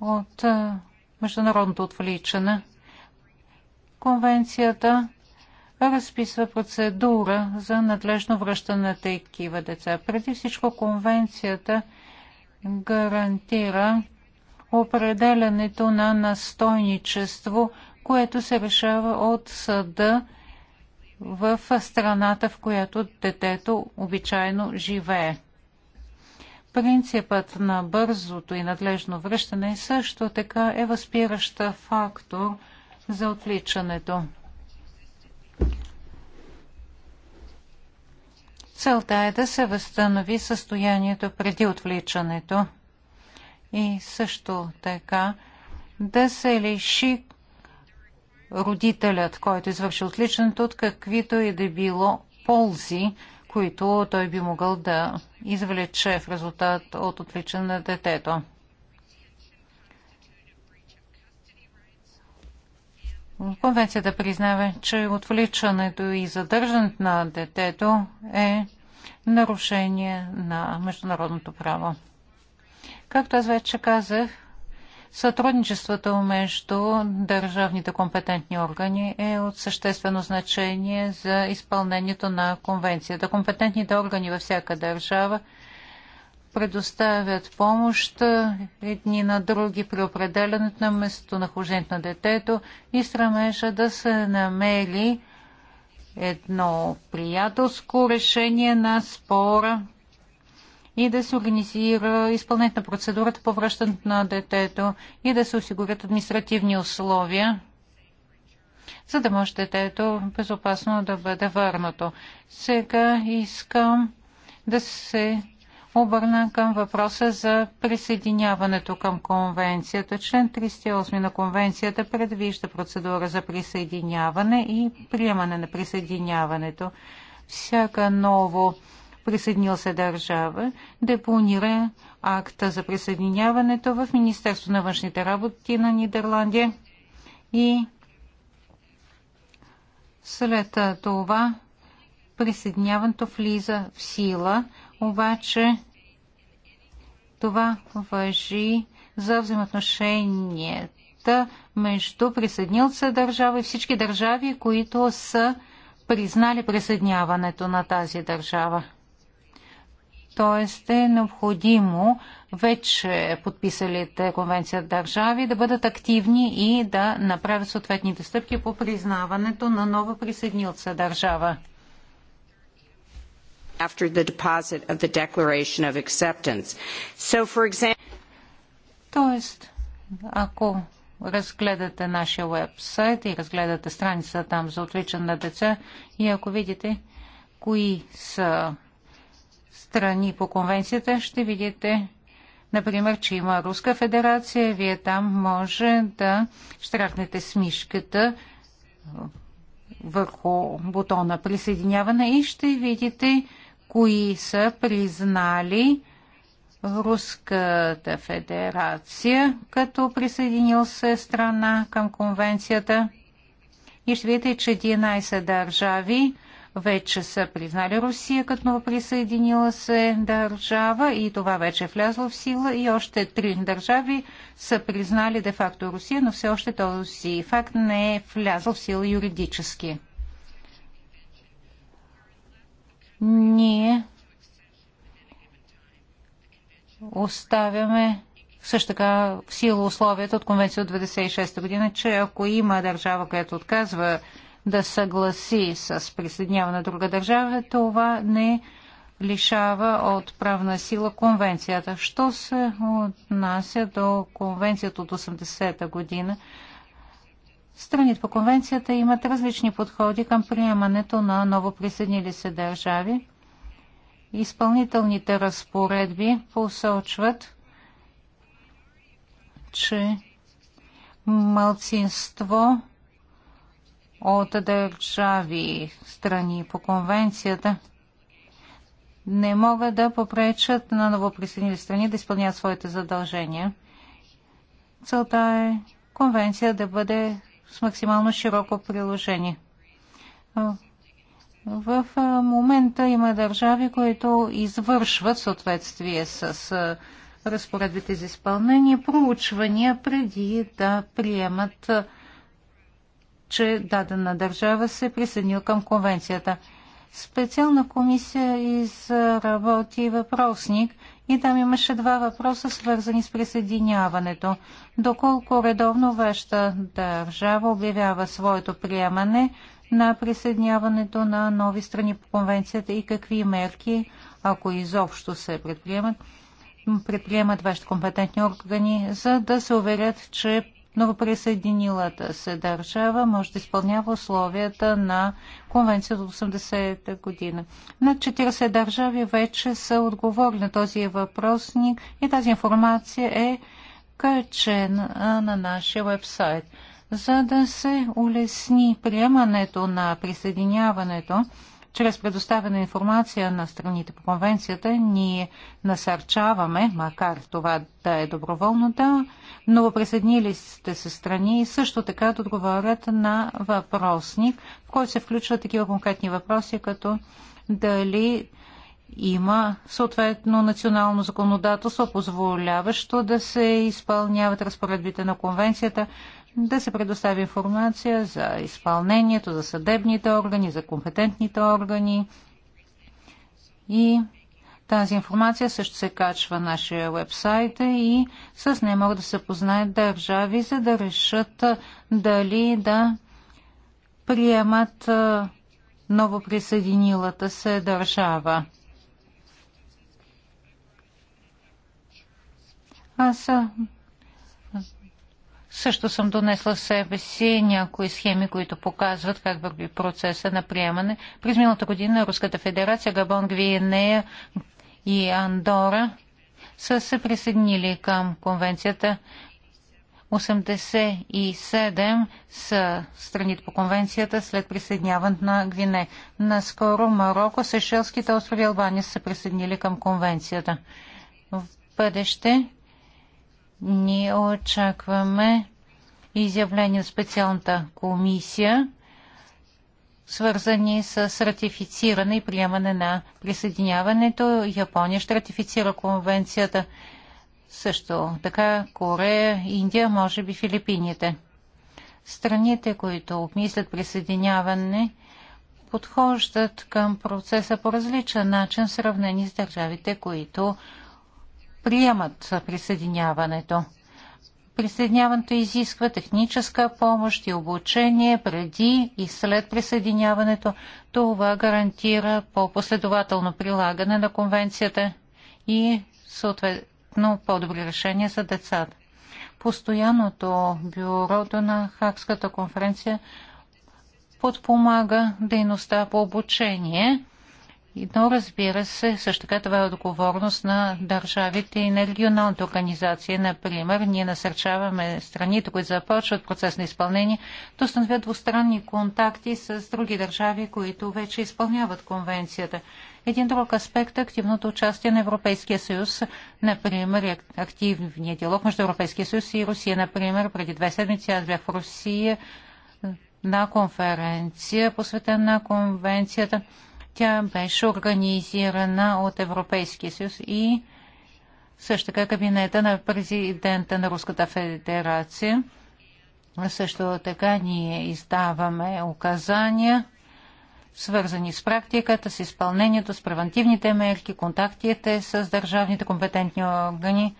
от международното отвличане. Конвенцията разписва процедура за надлежно връщане на такива деца. Преди всичко конвенцията гарантира определянето на настойничество, което се решава от съда в страната, в която детето обичайно живее. Принципът на бързото и надлежно връщане също така е възпираща фактор за отвличането. Целта е да се възстанови състоянието преди отвличането и също така да се лиши родителят, който е извърши отличането, от каквито и да било ползи, които той би могъл да извлече в резултат от отличане на детето. Конвенцията признава, че отвличането и задържането на детето е нарушение на международното право. Както аз вече казах, сътрудничеството между държавните компетентни органи е от съществено значение за изпълнението на конвенцията. Компетентните органи във всяка държава предоставят помощ едни на други при определянето на местонахождението на детето и стремежа да се намери едно приятелско решение на спора и да се организира изпълнението на процедурата по връщането на детето и да се осигурят административни условия, за да може детето безопасно да бъде върнато. Сега искам да се обърна към въпроса за присъединяването към конвенцията. Член 308 на конвенцията предвижда процедура за присъединяване и приемане на присъединяването. Всяка ново присъединил се държава депонира акта за присъединяването в Министерство на външните работи на Нидерландия и след това присъединяването влиза в сила обаче това въжи за взаимоотношенията между присъединилца държава и всички държави, които са признали присъединяването на тази държава. Тоест е необходимо вече подписалите конвенция държави да бъдат активни и да направят съответните стъпки по признаването на нова присъединилца държава after the deposit of the declaration of acceptance. So for example... Тоест, ако разгледате нашия вебсайт и разгледате страница там за отличане на деца и ако видите кои са страни по конвенцията, ще видите, например, че има Руска федерация, вие там може да штрахнете смишката върху бутона присъединяване и ще видите кои са признали Руската федерация като присъединил се страна към конвенцията. И ще видите, че 11 държави вече са признали Русия като присъединила се държава и това вече е влязло в сила и още три държави са признали де-факто Русия, но все още този факт не е влязъл в сила юридически. ние оставяме също така в сила условията от конвенция от 1996 година, че ако има държава, която отказва да съгласи с присъединяване на друга държава, това не лишава от правна сила конвенцията. Що се отнася до конвенцията от 80-та година, Страните по конвенцията имат различни подходи към приемането на ново се държави. Изпълнителните разпоредби посочват, че малцинство от държави страни по конвенцията не могат да попречат на новоприсъединили страни да изпълняват своите задължения. Целта е конвенция да бъде с максимално широко приложение. В момента има държави, които извършват съответствие с разпоредбите за изпълнение, проучвания преди да приемат, че дадена държава се присъединила към конвенцията. Специална комисия изработи въпросник и там имаше два въпроса, свързани с присъединяването. Доколко редовно вашата държава обявява своето приемане на присъединяването на нови страни по конвенцията и какви мерки, ако изобщо се предприемат, предприемат вашите компетентни органи, за да се уверят, че новоприсъединилата се държава може да изпълнява условията на конвенцията от 80-та година. Над 40 държави вече са отговорили на този въпросник и тази информация е качена на нашия вебсайт. За да се улесни приемането на присъединяването, чрез предоставена информация на страните по конвенцията ние насърчаваме, макар това да е доброволно, да, но присъединили сте се страни и също така да отговорят на въпросник, в който се включват такива конкретни въпроси, като дали има съответно национално законодателство, позволяващо да се изпълняват разпоредбите на конвенцията, да се предостави информация за изпълнението, за съдебните органи, за компетентните органи и тази информация също се качва на нашия вебсайт и с нея могат да се познаят държави, за да решат дали да приемат ново присъединилата се държава. Аз също съм донесла в себе си някои схеми, които показват как върви процеса на приемане. През миналата година Руската федерация, Габон, Гвинея и Андора са се присъединили към конвенцията. 87 са страните по конвенцията след присъединяването на Гвине. Наскоро Марокко, Сешелските острови Албания са присъединили към конвенцията. В бъдеще ние очакваме изявление от специалната комисия, свързани с ратифициране и приемане на присъединяването. Япония ще ратифицира конвенцията също така Корея, Индия, може би Филипините. Страните, които обмислят присъединяване, подхождат към процеса по различен начин, в сравнение с държавите, които приемат присъединяването. Присъединяването изисква техническа помощ и обучение преди и след присъединяването. Това гарантира по-последователно прилагане на конвенцията и съответно по-добри решения за децата. Постоянното бюрото на Хакската конференция подпомага дейността по обучение но разбира се, също така това е отговорност на държавите и на регионалните организации. Например, ние насърчаваме страните, които започват процес на изпълнение, да установят двустранни контакти с други държави, които вече изпълняват конвенцията. Един друг аспект е активното участие на Европейския съюз, например, е активният диалог между Европейския съюз и Русия. Например, преди две седмици аз бях в Русия на конференция, посветена на конвенцията тя беше организирана от Европейския съюз и също така кабинета на президента на Руската федерация. Също така ние издаваме указания, свързани с практиката, с изпълнението, с превентивните мерки, контактите с държавните компетентни органи.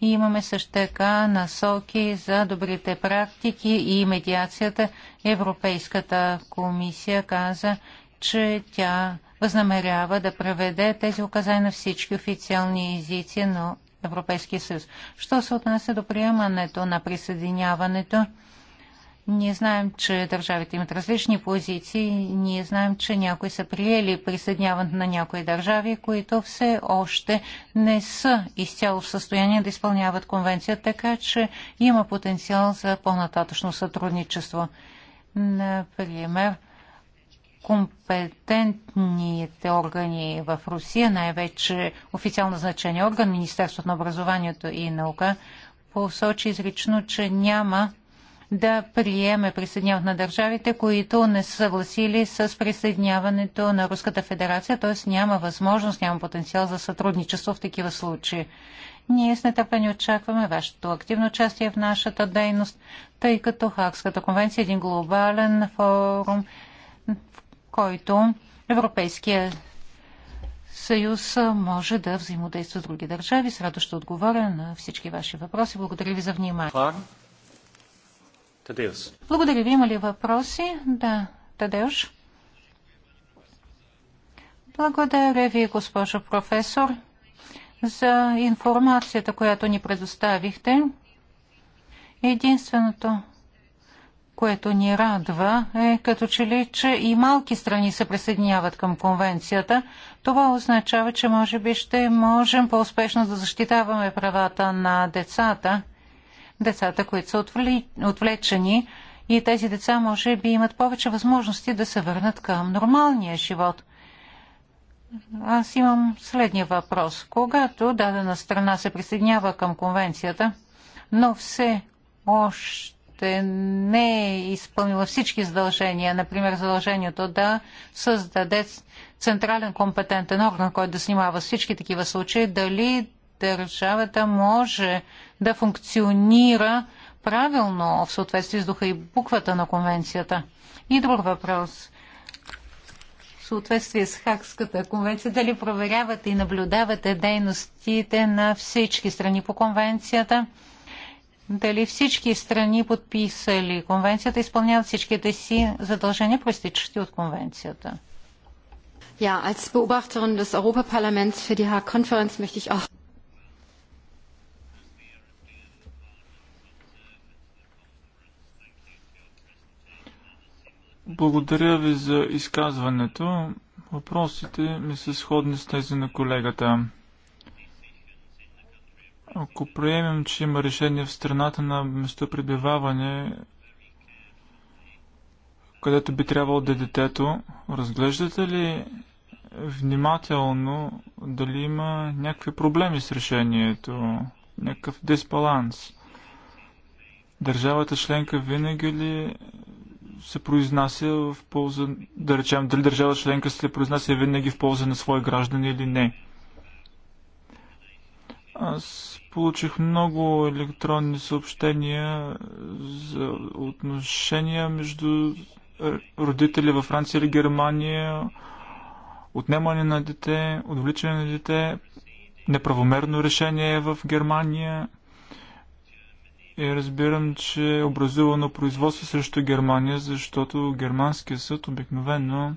И имаме също така насоки за добрите практики и медиацията. Европейската комисия каза, че тя възнамерява да преведе тези указания на всички официални езици на Европейския съюз. Що се отнася до приемането на присъединяването, ние знаем, че държавите имат различни позиции. Ние знаем, че някои са приели присъединяването на някои държави, които все още не са изцяло в състояние да изпълняват конвенция, така че има потенциал за по-нататъчно сътрудничество. Например, компетентните органи в Русия, най-вече официално значение орган, Министерството на образованието и наука, посочи изрично, че няма да приеме присъединяването на държавите, които не са съгласили с присъединяването на Руската федерация, т.е. няма възможност, няма потенциал за сътрудничество в такива случаи. Ние с нетърпение очакваме вашето активно участие в нашата дейност, тъй като Хакската конвенция е един глобален форум, който Европейския съюз може да взаимодейства с други държави. С радост ще отговоря на всички ваши въпроси. Благодаря ви за вниманието. Благодаря ви. Има ли въпроси? Да, Тадеуш. Благодаря ви, госпожо професор, за информацията, която ни предоставихте. Единственото, което ни радва, е като че ли, че и малки страни се присъединяват към конвенцията. Това означава, че може би ще можем по-успешно да защитаваме правата на децата, децата, които са отвлечени и тези деца може би имат повече възможности да се върнат към нормалния живот. Аз имам следния въпрос. Когато дадена страна се присъединява към конвенцията, но все още още не е изпълнила всички задължения, например задължението да създаде централен компетентен орган, който да снимава всички такива случаи, дали държавата може да функционира правилно в съответствие с духа и буквата на конвенцията. И друг въпрос. В съответствие с Хакската конвенция, дали проверявате и наблюдавате дейностите на всички страни по конвенцията? дали всички страни, подписали конвенцията, изпълняват всичките си задължения, проистичащи от конвенцията? Ja, als Beobachterin des Europaparlaments für die Haag-Konferenz möchte ich auch. Благодаря ви за изказването. Въпросите ми са сходни с тези на колегата. Ако приемем, че има решение в страната на местопребиваване, където би трябвало да е детето, разглеждате ли внимателно дали има някакви проблеми с решението, някакъв дисбаланс? Държавата членка винаги ли се произнася в полза, да речем, дали държава членка се произнася винаги в полза на свои граждани или не? Аз получих много електронни съобщения за отношения между родители във Франция или Германия, отнемане на дете, отвличане на дете, неправомерно решение е в Германия. И разбирам, че е образувано производство срещу Германия, защото германския съд обикновено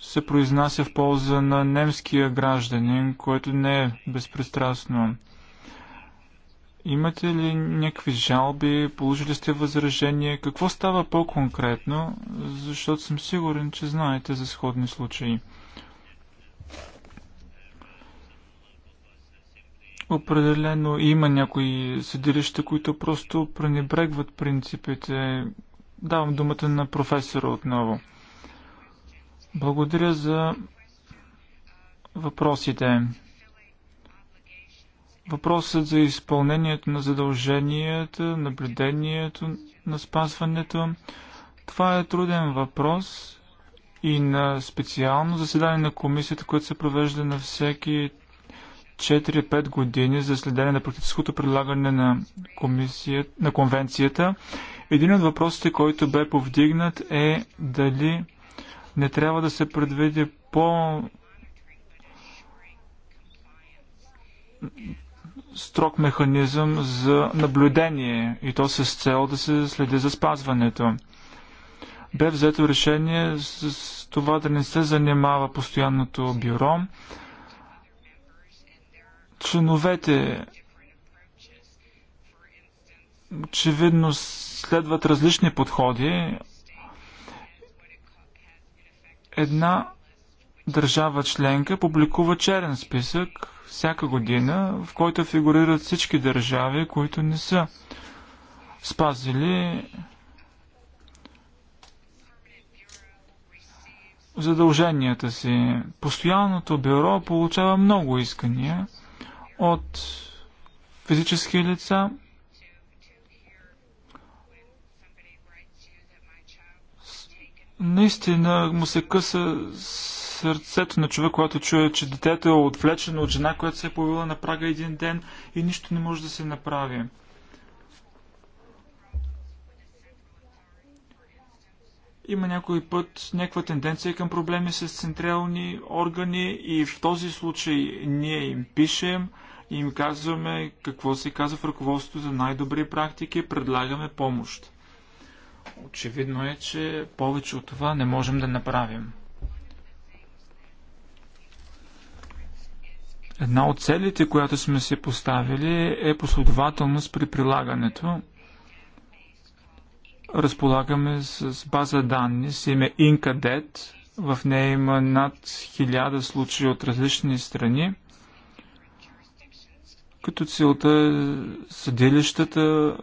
се произнася в полза на немския гражданин, което не е безпристрастно. Имате ли някакви жалби? Положили сте възражение? Какво става по-конкретно? Защото съм сигурен, че знаете за сходни случаи. Определено има някои съдилища, които просто пренебрегват принципите. Давам думата на професора отново. Благодаря за въпросите. Въпросът за изпълнението на задълженията, наблюдението на спазването. Това е труден въпрос и на специално заседание на комисията, което се провежда на всеки 4-5 години за следение на практическото предлагане на, комисия, на конвенцията. Един от въпросите, който бе повдигнат е дали не трябва да се предвиди по строг механизъм за наблюдение и то с цел да се следи за спазването. Бе взето решение с това да не се занимава постоянното бюро. Членовете очевидно следват различни подходи една държава членка публикува черен списък всяка година, в който фигурират всички държави, които не са спазили задълженията си. Постоянното бюро получава много искания от физически лица, Наистина му се къса сърцето на човек, когато чуе, че детето е отвлечено от жена, която се е появила на прага един ден и нищо не може да се направи. Има някой път някаква тенденция към проблеми с централни органи и в този случай ние им пишем и им казваме какво се казва в ръководството за най-добри практики, предлагаме помощ. Очевидно е, че повече от това не можем да направим. Една от целите, която сме си поставили е последователност при прилагането. Разполагаме с база данни с име Incadet. В нея има над хиляда случаи от различни страни. Като целта е съдилищата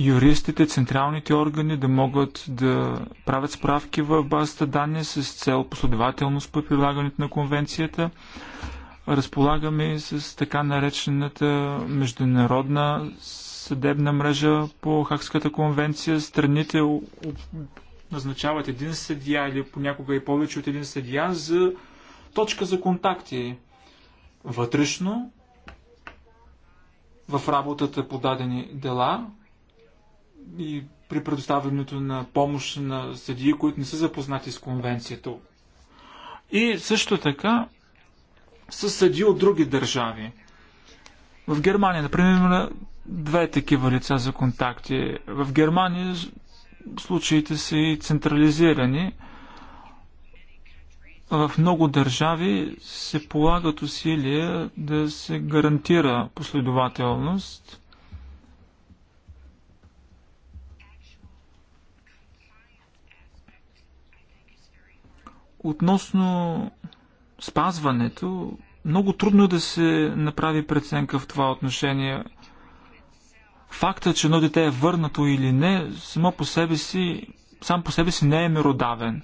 юристите, централните органи да могат да правят справки в базата данни с цел последователност по прилагането на конвенцията. Разполагаме и с така наречената международна съдебна мрежа по Хакската конвенция. Страните назначават един съдия или понякога и повече от един съдия за точка за контакти вътрешно в работата по дадени дела, и при предоставянето на помощ на съдии, които не са запознати с конвенцията. И също така са съди от други държави. В Германия, например, има две такива лица за контакти. В Германия случаите са и централизирани. В много държави се полагат усилия да се гарантира последователност – Относно спазването, много трудно е да се направи преценка в това отношение. Факта, че едно дете е върнато или не, само по себе си, сам по себе си не е меродавен.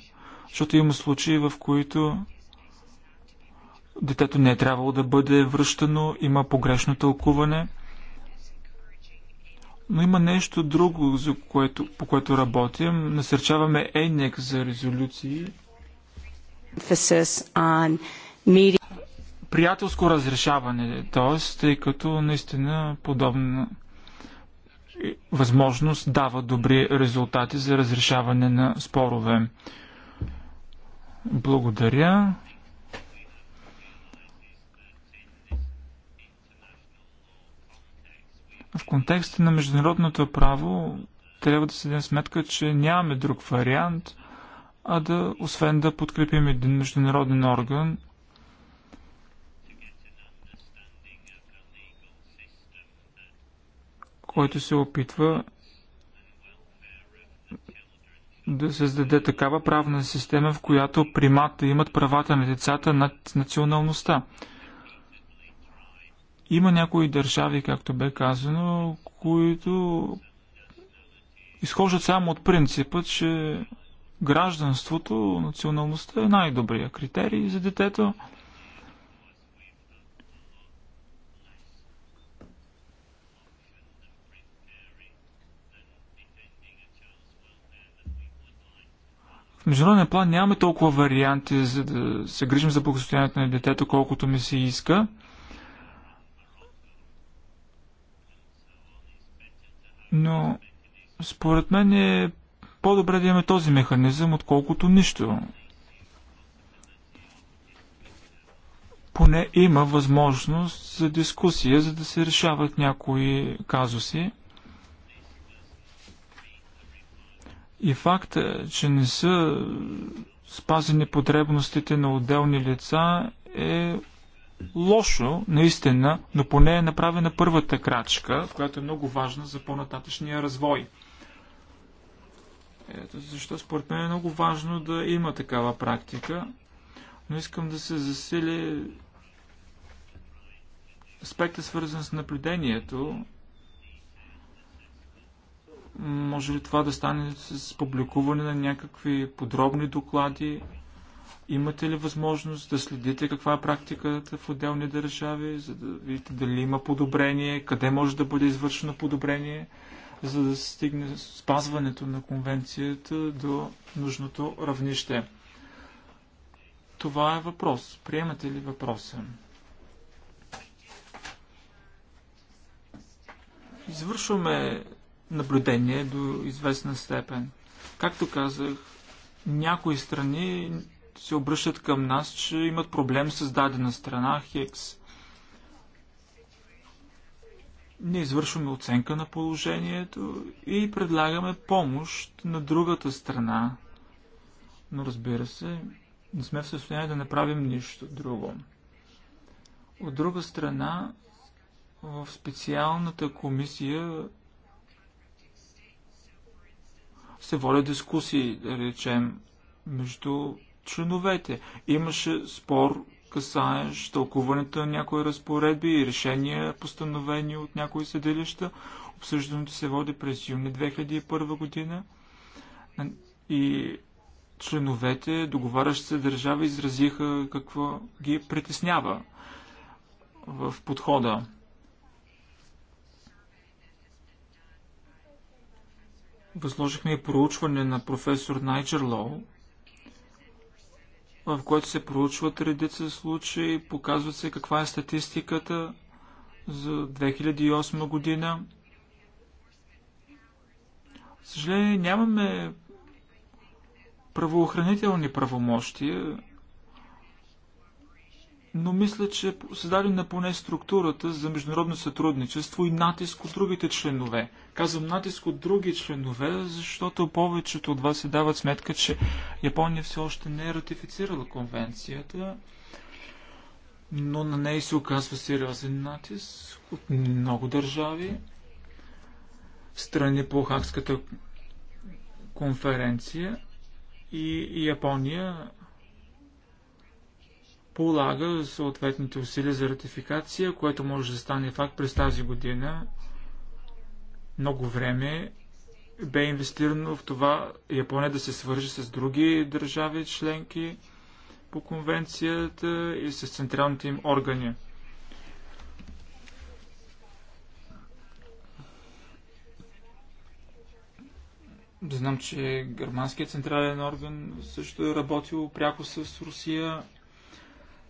Защото има случаи, в които детето не е трябвало да бъде връщано, има погрешно тълкуване. Но има нещо друго, за което, по което работим. Насърчаваме ЕНЕК за резолюции – Приятелско разрешаване, т.е. тъй като наистина подобна възможност дава добри резултати за разрешаване на спорове. Благодаря. В контекста на международното право трябва да се дадем сметка, че нямаме друг вариант – а да, освен да подкрепим един международен орган, който се опитва да създаде такава правна система, в която примата имат правата на децата над националността. Има някои държави, както бе казано, които изхождат само от принципа, че гражданството, националността е най-добрия критерий за детето. В международния план нямаме толкова варианти, за да се грижим за благосостоянието на детето, колкото ми се иска. Но според мен е по-добре да имаме този механизъм, отколкото нищо. Поне има възможност за дискусия, за да се решават някои казуси. И факта, че не са спазени потребностите на отделни лица е лошо, наистина, но поне е направена първата крачка, която е много важна за по-нататъчния развой. Ето защо според мен е много важно да има такава практика, но искам да се засили аспекта свързан с наблюдението. Може ли това да стане с публикуване на някакви подробни доклади? Имате ли възможност да следите каква е практиката в отделни държави, за да видите дали има подобрение, къде може да бъде извършено подобрение? за да се стигне спазването на конвенцията до нужното равнище. Това е въпрос. Приемате ли въпроса? Извършваме наблюдение до известна степен. Както казах, някои страни се обръщат към нас, че имат проблем с дадена страна Хекс. Ние извършваме оценка на положението и предлагаме помощ на другата страна. Но разбира се, не сме в състояние да направим нищо друго. От друга страна, в специалната комисия се водят дискусии, да речем, между членовете. Имаше спор касаещ тълкуването на някои разпоредби и решения, постановени от някои съдилища. Обсъждането се води през юни 2001 година и членовете, договарящи се държави, изразиха какво ги притеснява в подхода. Възложихме и проучване на професор Найджер Лоу, в което се проучват редица случаи, показват се каква е статистиката за 2008 година. Съжаление, нямаме правоохранителни правомощия но мисля, че се на поне структурата за международно сътрудничество и натиск от другите членове. Казвам натиск от други членове, защото повечето от вас се дават сметка, че Япония все още не е ратифицирала конвенцията, но на нея се оказва сериозен натиск от много държави, страни по Хакската конференция и Япония полага съответните усилия за ратификация, което може да стане факт през тази година. Много време бе инвестирано в това Япония да се свържи с други държави членки по конвенцията и с централните им органи. Знам, че германският централен орган също е работил пряко с Русия.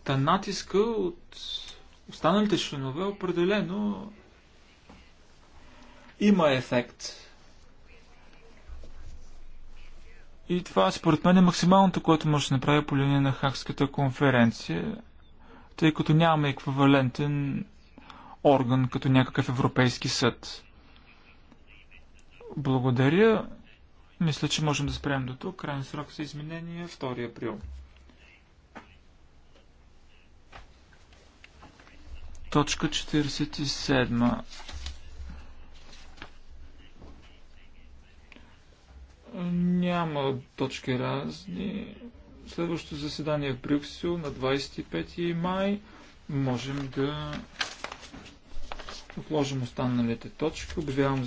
Та натиска от останалите членове определено има ефект. И това според мен е максималното, което може да направи по линия на Хакската конференция, тъй като нямаме еквивалентен орган като някакъв европейски съд. Благодаря. Мисля, че можем да спрем до тук. Крайен срок за изменение 2 април. Точка 47. Няма точки разни. Следващото заседание е в Брюксел на 25 май. Можем да отложим останалите точки. Обявявам